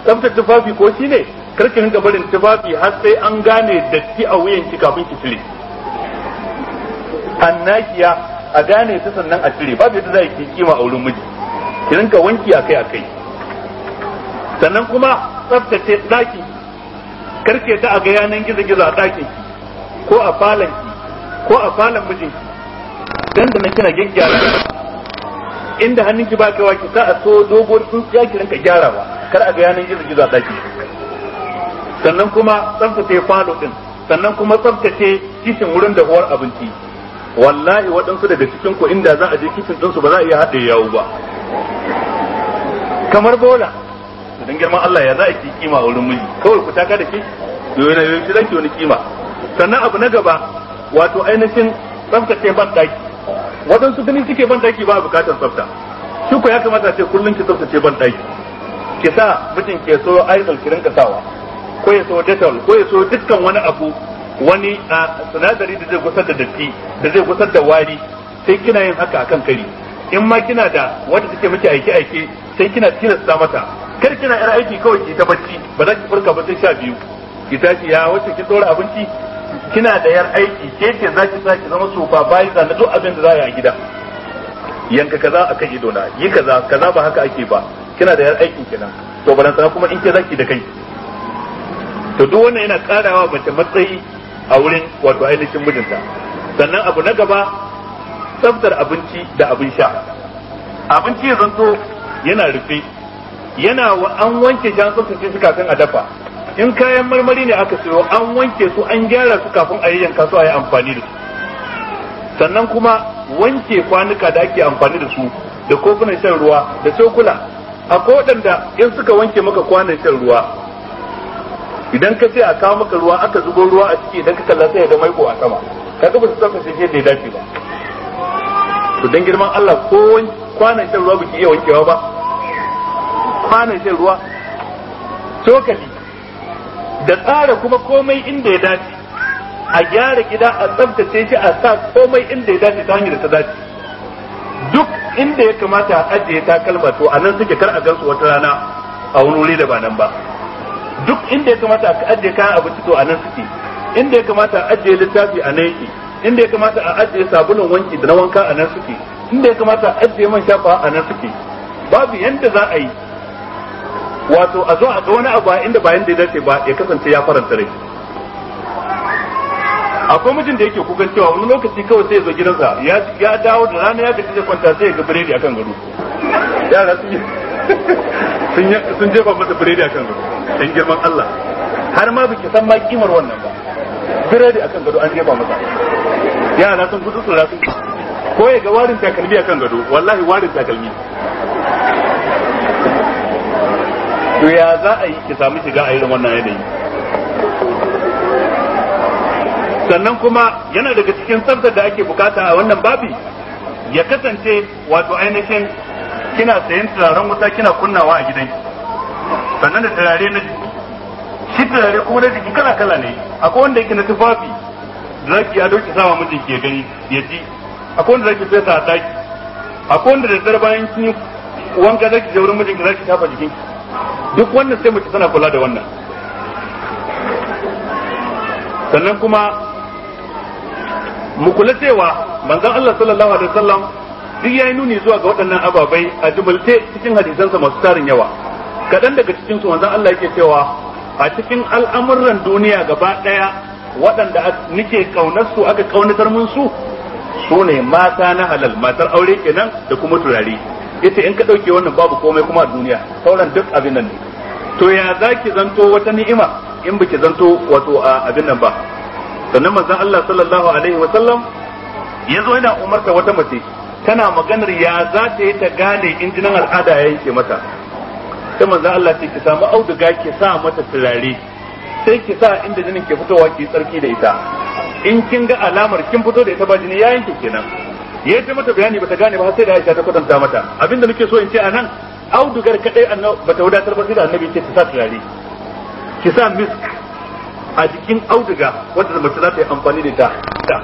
tsaftar tufafi ko shine karki rinka barin tufafi har sai an gane datti a wuyan ki kafin ki cire annakiya a gane ta sannan a cire babu yadda za ki kima a wurin miji ki rinka wanki akai akai sannan kuma tsaftace daki karke ta a ga yanan gizo-gizo a dakin ko a falon ko a falon mijinki dan da nan kina gyaggyara inda hannunki ba kaiwa ki sa a so dogon tsuntsiya ki gyara ba kar a ga yanan gizo gizo a daki sannan kuma tsaftace falo din sannan kuma tsaftace kishin wurin da uwar abinci wallahi waɗansu daga cikin ku inda za a je kishin ɗinsu ba za a iya haɗe yawo ba kamar bola don girman Allah ya za a ki kima wurin miji kawai ku taka da ki yana yau ki ke wani kima sannan abu na gaba wato ainihin tsaftace ban daki waɗansu ganin suke ban daki ba bukatar tsafta shi ko ya kamata ce kullum ki tsaftace ban daki ki sa mutum ke so aizal ki rinka sawa ko ya so dettol ko ya so dukkan wani abu wani a sinadari da zai gusar da datti da zai gusar da wari sai kina yin haka akan kari in ma kina da wanda take miki aiki aiki sai kina tilasta mata kar kina yar aiki kawai ki ta bacci ba za ki furka ba sai sha biyu ki tashi ya wacce ki tsora abinci kina da yar aiki ke ce za ki sa ki zama supervisor na duk abin da za a gida yanka kaza akan ido na yi kaza kaza ba haka ake ba kina da yar aikin kenan to balan sana kuma in ke ki da kai to duk wannan yana karawa mace matsayi a wurin wato ainihin mijinta sannan abu na gaba tsaftar abinci da abin sha abinci ya zanto yana rufe yana wa an wanke shi an tsaftace shi kafin a dafa in kayan marmari ne aka sayo an wanke su an gyara su kafin a yi yanka su a yi amfani da su sannan kuma wanke kwanuka da ake amfani da su da kofunan shan ruwa da cokula a waɗanda in suka wanke maka kwanan shan ruwa idan ka sai a kawo maka ruwa aka zubo ruwa a ciki idan ka kalla sai ga maiko a sama ka ga ba su tsaftace shi da ya dace ba to dan girman Allah ko kwanan shan ruwa ki iya wankewa ba kwanan shi ruwa cokali da tsara kuma komai inda ya dace a gyara gida a tsabtace shi a sa komai inda ya dace ta hanyar ta dace duk inda ya kamata a ajiye takalma to a nan suke kar a gansu wata rana a wani wuri da ba nan ba duk inda ya kamata a ajiye kayan abinci to a nan suke inda ya kamata a ajiye littafi a nan yake inda ya kamata a ajiye sabulun wanki da na wanka a nan suke inda ya kamata a ajiye man shafa a nan suke babu yanda za a yi wato a zo a ga wani abu inda ba yanda dace ba ya kasance ya faranta rai akwai mijin da yake kukan cewa wani lokaci kawai sai ya zo gidansa ya dawo da rana ya gaji da kwanta sai ya ga biredi akan gado yara sun jefa masa biredi akan gado dan girman Allah har ma biki san ma kimar wannan ba biredi akan gado an jefa masa yara sun gudu su sun ko ya ga warin takalmi akan gado wallahi warin takalmi to ya za a yi ki samu shiga a irin wannan yanayi sannan kuma yana daga cikin tsaftar da ake bukata a wannan babi ya kasance wato ainihin kina sayan turaren wuta kina kunnawa a gidan sannan da turare na jiki shi turare kuma na jiki kala kala ne akwai wanda yake na tufafi zaki ya doki sama mijin ke gani ya ji akwai wanda zaki fesa a daki akwai wanda da tsar bayan kin wanka zaki je wurin mijin zaki shafa jikinki duk wannan sai mace tana kula da wannan sannan kuma mu kula cewa manzon Allah sallallahu alaihi wasallam duk yayi nuni zuwa ga waɗannan ababai a jumalte cikin hadisansa masu tarin yawa kaɗan daga cikin su manzon Allah yake cewa a cikin al'amuran duniya gaba ɗaya waɗanda nake kaunar su aka kaunatar mun su sune mata na halal matar aure kenan da kuma turare yace in ka dauke wannan babu komai kuma a duniya sauran duk abin nan ne to ya zaki zanto wata ni'ima in biki zanto wato a abin nan ba sannan manzon Allah sallallahu alaihi wa sallam yazo yana umarta wata mace tana maganar ya za ta yi ta gane injinan al'ada ya yanke mata sai manzon Allah ce ki samu auduga ki sa mata turare sai ki sa inda jinin ke fitowa ki tsarki da ita in kin ga alamar kin fito da ita ba jini ya yanke kenan ya ta mata bayani bata gane ba sai da Aisha ta kwatanta mata abinda nake so in ce anan audugar kadai annabi bata wadatar ba sai da annabi ce ta sa turare ki sa misk a jikin auduga wanda mace za ta yi amfani da ta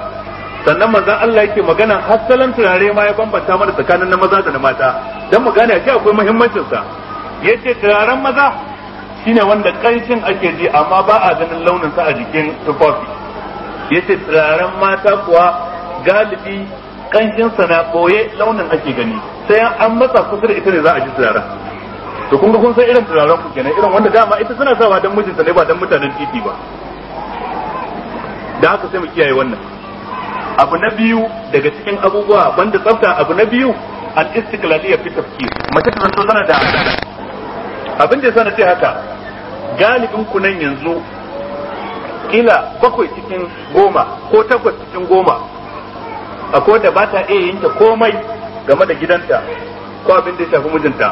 sannan manzon Allah yake magana hassalan turare ma ya bambanta mana tsakanin na maza da na mata dan mu gane ce akwai muhimmancin sa yace turaren maza shine wanda kanshin ake ji amma ba a ganin launin sa a jikin tufafi yace turaren mata kuwa galibi kanshinsa na boye launin ake gani sai an matsa kusa da ita ne za a ji turaren to kun ga kun san irin turaren ku kenan irin wanda dama ita suna sawa dan mijinta ne ba dan mutanen titi ba da haka sai mu kiyaye wannan abu na biyu daga cikin abubuwa banda tsafta abu na biyu al istiklaliya fi tafkir mace ta zanto tana da abin da yasa na ce haka galibin ku nan yanzu kila bakwai cikin goma ko takwas cikin goma akwai wanda ba ta iya yanke komai game da gidanta ko abin da ya shafi mijinta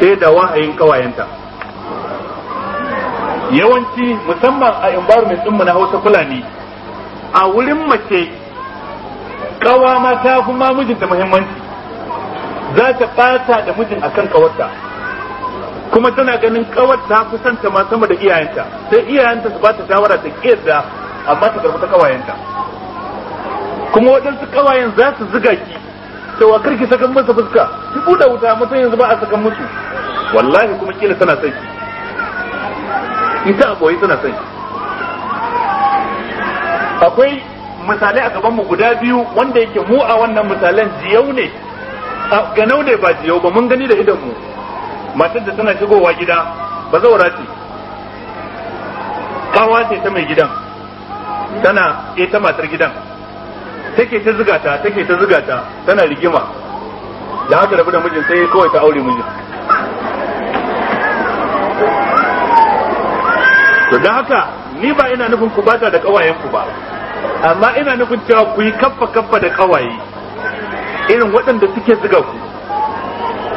sai da wahayin kawayenta yawanci musamman a environment ɗinmu na hausa fulani a wurin mace kawa ma ta fi ma mijinta muhimmanci za ta ɓata da mijin akan kawarta kuma tana ganin kawar ta kusanta ma sama da iyayenta sai iyayenta su ba ta shawara ta da amma ta karɓi ta kawayenta kuma waɗansu ƙawayen za su ziga ki cewa karki sakan masa fuska ki buɗe wuta mutum yanzu ba a sakan musu wallahi kuma kila tana son ki ita a boye tana son ki akwai misalai a gaban mu guda biyu wanda yake mu a wannan misalan jiyau ne a ganau ne ba jiyau ba mun gani da idan mu matar da tana shigowa gida ba zaura ce kawa ce ta mai gidan tana ita eh, matar gidan take ta zuga ta take ta zuga ta tana rigima da haka rabu da mijin sai kawai ta aure mijin to da haka ni ba ina nufin ku bata da kawayen ku ba amma ina nufin cewa ku yi kaffa kaffa da kawaye irin waɗanda suke zuga ku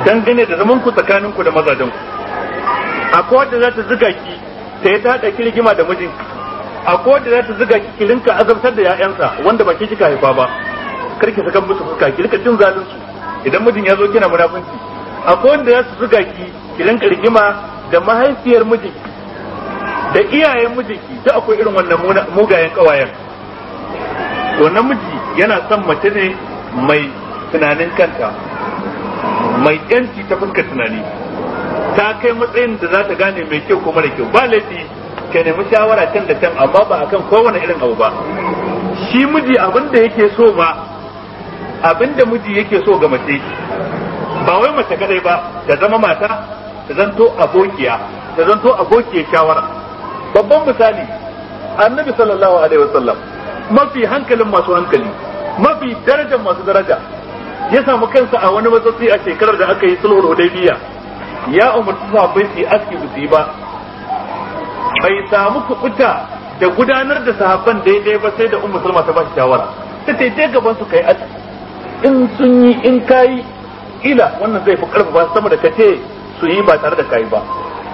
dangane da zaman ku tsakanin ku da mazajen ku akwai wadda za ta zuga ki ta yi ta haɗa kirgima da mijinki a ko da za ta zuga ki rinka azabtar da 'ya'yansa wanda ba ke kika haifa ba karki saka musu fuska ki rinka jin zalunci idan mijin ya zo kina munafunci a ko da za zuga ki ki rinka rigima da mahaifiyar mijinki da iyayen mijinki da akwai irin wannan mugayen kawayen to namiji yana son mace ne mai tunanin kanta mai yanci ta fuskar tunani ta kai matsayin da za ta gane mai kyau ko mara kyau ba laifi ka nemi shawara can da can amma ba akan kowane irin abu ba shi miji abin da yake so ba abin da miji yake so ga mace ba wai mace kadai ba ta zama mata ta zanto abokiya ta zanto abokiya shawara babban misali annabi sallallahu alaihi wasallam mafi hankalin masu hankali mafi darajar masu daraja ya samu kansa a wani matsatsi a shekarar da aka yi sulhul hudaybiya ya umarci sahabbai su aski su ba bai samu kubuta da gudanar da sahabban daidai ba sai da umar salma ta ba shi shawara ta taitai gaban su kai aji in sun yi in kayi ila wannan zai fi karfafa sama da kace su yi ba tare da kayi ba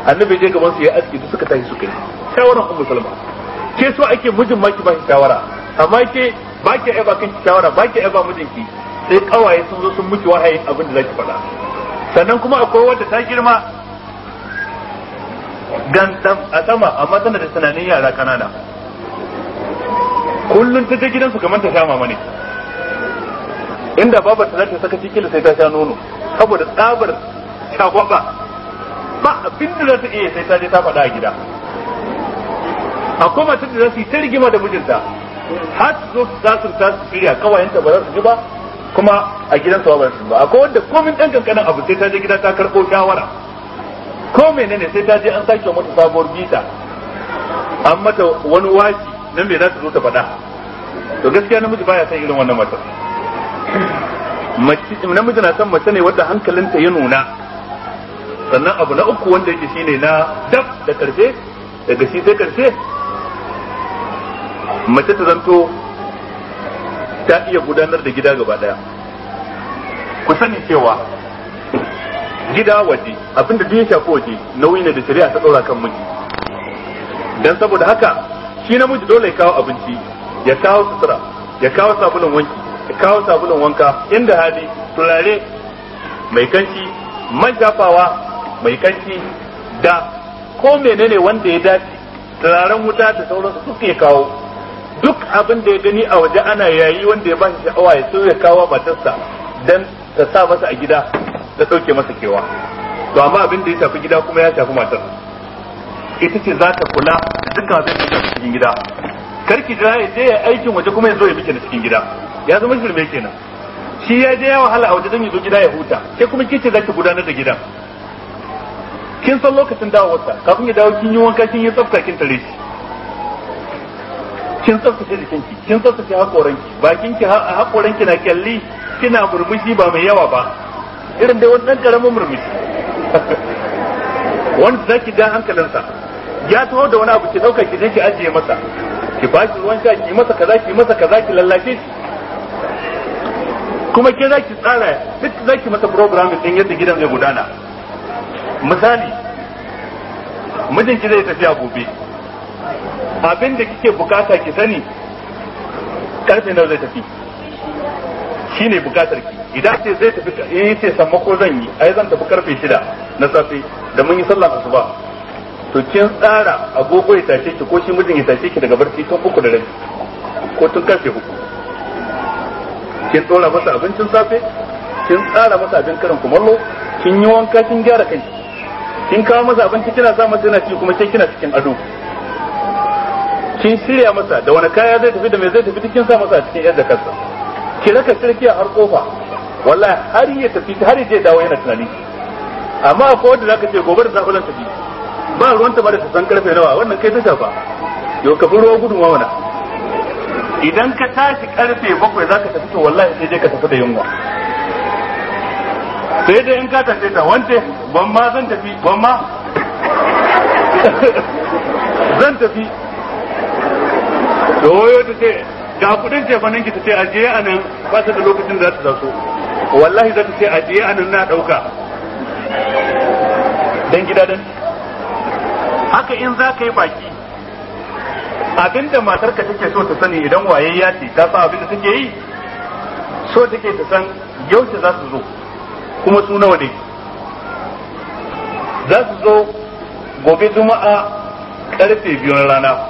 annabi je gaban su ya aski duk suka tashi su yi shawaran umar salma ke so ake mijin maki ba shi shawara amma ke ba ki ai ba kan shawara ba ke ai ba mijinki sai kawaye sun zo sun miki wahayin abin da zaki faɗa sannan kuma akwai wanda ta girma gan dan a sama amma tana da tunanin yara kanana kullun ta je gidansu kamar ta sha mama inda babar ta zata saka cikin sai ta sha nono saboda tsabar shagwaba ba abin ta iya sai ta je ta faɗa a gida akwai matar da za su yi ta rigima da mijinta har su zo za su ta su shirya kawayenta ba za su ji ba kuma a gidan su ba su ba akwai wanda komin ɗan kankanin abu sai ta je gida ta karɓo shawara ko menene sai ta je an sake mata sabuwar bita an mata wani waki nan me za ta zo ta faɗa to gaskiya namiji baya san irin wannan matar namiji na san mace ne wanda hankalinta ya nuna sannan abu na uku wanda yake shine na dab da karfe daga shi sai karfe mace ta zanto ta iya gudanar da gida gaba daya ku sani cewa gida waje abin da ya shafi waje nauyi ne da shari'a ta ɗora kan miji dan saboda haka shi namiji dole ya kawo abinci ya kawo sutura ya kawo sabulun wanki ya kawo sabulun wanka inda hali turare mai kanci man shafawa mai kanci da ko menene wanda ya dace turaren wuta da sauransu suke kawo duk abin da ya gani a waje ana yayi wanda ya ba shi sha'awa ya so ya kawo matarsa dan ta sa masa a gida ta ɗauke masa kewa to amma abin da ya shafi gida kuma ya shafi matar ita ce za ta kula da dukkan abin da ya cikin gida karki jira ya je ya aikin waje kuma ya zo ya miki na cikin gida ya zama shirme kenan shi ya je ya wahala a waje don ya zo gida ya huta sai kuma kice za ki gudanar da gidan kin san lokacin dawowarsa kafin ya dawo kin yi wanka kin yi tsafta kin tare shi kin tsaftace jikinki kin tsaftace hakoranki bakinki hakoranki na kyalli kina murmushi ba mai yawa ba irin dai wani ɗan ƙaramin murmushi wanda ki gan hankalinsa ya taho da wani abu ki ɗauka ki je ki ajiye masa ki ba shi ruwan sha ki masa kaza ki masa kaza ki lallace shi kuma ke ki tsara duk ki masa program din yadda gidan zai gudana misali ki zai tafiya gobe abin da kike bukata ki sani karfe nawa zai tafi shine bukatar ki idan ce zai tafi eh ce sammako zan yi ai zan tafi karfe shida na safe da mun yi sallah asuba to kin tsara agogo ya tashe ki ko shi mijin ya tashe ki daga barci tun uku da rabi ko tun karfe uku kin tsora masa abincin safe kin tsara masa abin karin kumallo kin yi wanka kin gyara kai kin kawo masa abinci kina sa masa yana ci kuma sai kina cikin ado kin shirya masa da wani kaya zai tafi da me zai tafi kin sa masa a cikin yadda kansa ki raka sarki a harkofa kofa wallahi har ya tafi har ya je dawo yana tunani amma akwai wanda zaka ce gobe da safe zan tafi ba ruwan ta ba da san karfe nawa wannan kai ta shafa yau ka ruwa gudunwa wawana idan ka tashi karfe bakwai zaka tafi to wallahi sai je ka tafi da yunwa sai dai in ka tafi ta wance ban ma zan tafi ban ma zan tafi to wayo ta ce ga kudin tefanin ki ta ce ajiye a nan ba ta da lokacin da za ta zaso wallahi za ta ce ajiye a nan na dauka dan gida dan haka in za ka yi baki abinda matarka take so ta sani idan wayayya ce ta sa abinda take yi so take ta san yau ta za su zo kuma su nawa ne za su zo gobe juma'a karfe na rana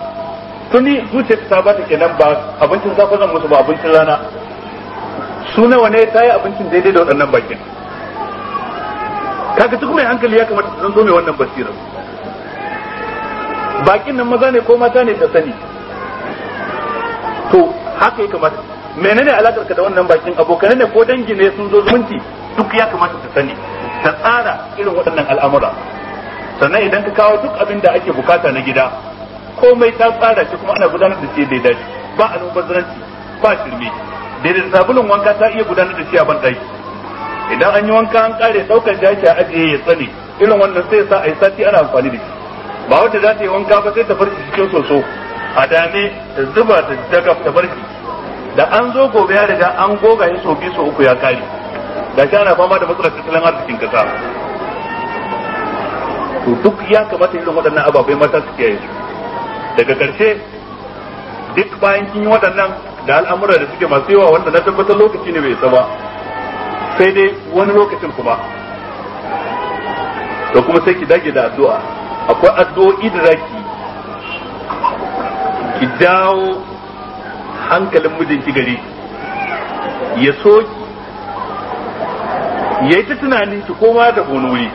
tuni zuciya ta bata kenan ba abincin safe zan musu ba abincin rana su nawa ne ta yi abincin daidai da waɗannan bakin kaga duk mai hankali ya kamata ta zo mai wannan basirar bakin nan maza ne ko mata ne ta sani to haka ya kamata menene alakar ka da wannan bakin abokanai ne ko dangi ne sun zo zumunci duk ya kamata ta sani ta tsara irin waɗannan al'amura sannan idan ka kawo duk abin da ake bukata na gida komai ta tsara shi kuma ana gudanar da shi daidai ba almubazzaranci ba shirme daidai da sabulun wanka ta iya gudanar da shi a ban idan an yi wanka an kare daukar jaki a ajiye ya tsane irin wannan sai sa a yi sati ana amfani da shi ba wacce za ta yi wanka ba sai ta farki cikin soso a dame ta zuba ta daga ta farki da an zo gobe ya riga an goga shi so biyu so uku ya kare da shi ana fama da matsalar tattalin arzikin kasa to duk ya kamata irin waɗannan ababai mata su kiyaye su daga ƙarshe duk bayan kin yi waɗannan da al'amura da suke masu yawa wanda na tabbatar lokaci ne bai isa ba sai dai wani lokacin kuma to kuma sai ki dage da addu'a akwai addu'o'i da zaki ki dawo hankalin mijinki gari ya so ya yi ta tunani ki koma ta wani wuri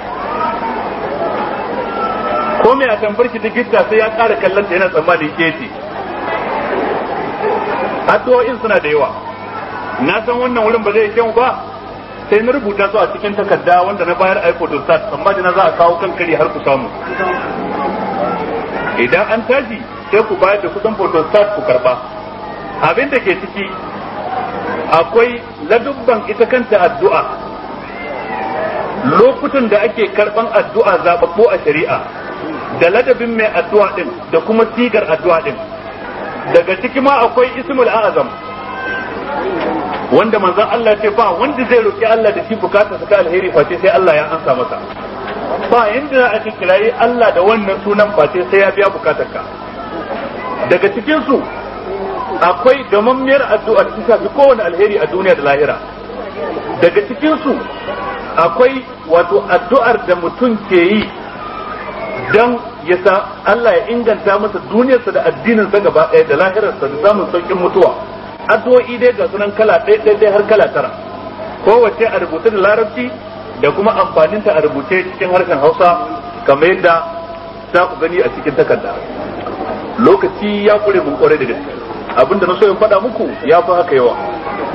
ko mai a tambar shi digita sai ya ƙara kallon ta yana tsammanin keti addu'o'in suna da yawa na san wannan wurin ba zai kyau ba sai na rubuta su a cikin takarda wanda na bayar aiko to sat amma na za a kawo kan kari har ku samu idan an tashi sai ku bayar da kudin photostat ku karba abin da ke ciki akwai ladubban ita kanta addu'a lokutan da ake karban addu'a zababbo a shari'a da ladabin mai addu'a din da kuma sigar addu'a din daga ciki ma akwai ismul azam wanda manzon Allah ce ba wanda zai roki Allah da shi bukata ta alheri face sai Allah ya ansa masa ba yanda za a kirayi Allah da wannan sunan face sai ya biya bukatarka daga cikin su akwai gamammiyar addu'a ta shafi kowane alheri a duniya da lahira daga cikin su akwai wato addu'ar da mutum ke yi dan ya sa Allah ya inganta masa duniyarsa da addininsa gaba ɗaya da lahirarsa da samun saukin mutuwa addu'o'i dai ga sunan kala ɗaya ɗaya ɗaya har kala tara kowace a rubuce da larabci da kuma amfaninta a rubuce cikin harshen hausa kamar yadda za ku gani a cikin takarda lokaci ya kure mun kware da gaske abinda na so in faɗa muku ya fi haka yawa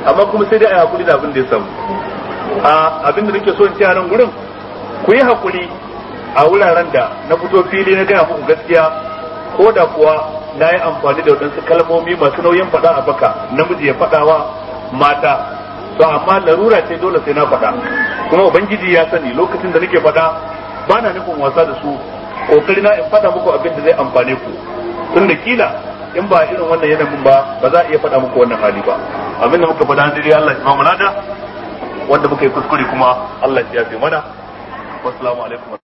amma kuma sai dai a hakuri da abin da ya samu a abin da nake so in ce a nan gurin ku yi hakuri a wuraren da na fito fili na gaya muku gaskiya ko da kuwa na yi amfani da waɗansu kalmomi masu nauyin faɗa a baka namiji ya faɗawa mata to amma larura ce dole sai na faɗa kuma ubangiji ya sani lokacin da nake fada ba na nufin wasa da su kokari na in fada muku abin da zai amfane ku tun da kila in ba irin wannan yanayin ba ba za a iya fada muku wannan hali ba abin da muka faɗa dai Allah ya ba mu wanda muka yi kuskure kuma Allah ya fi mana wassalamu alaikum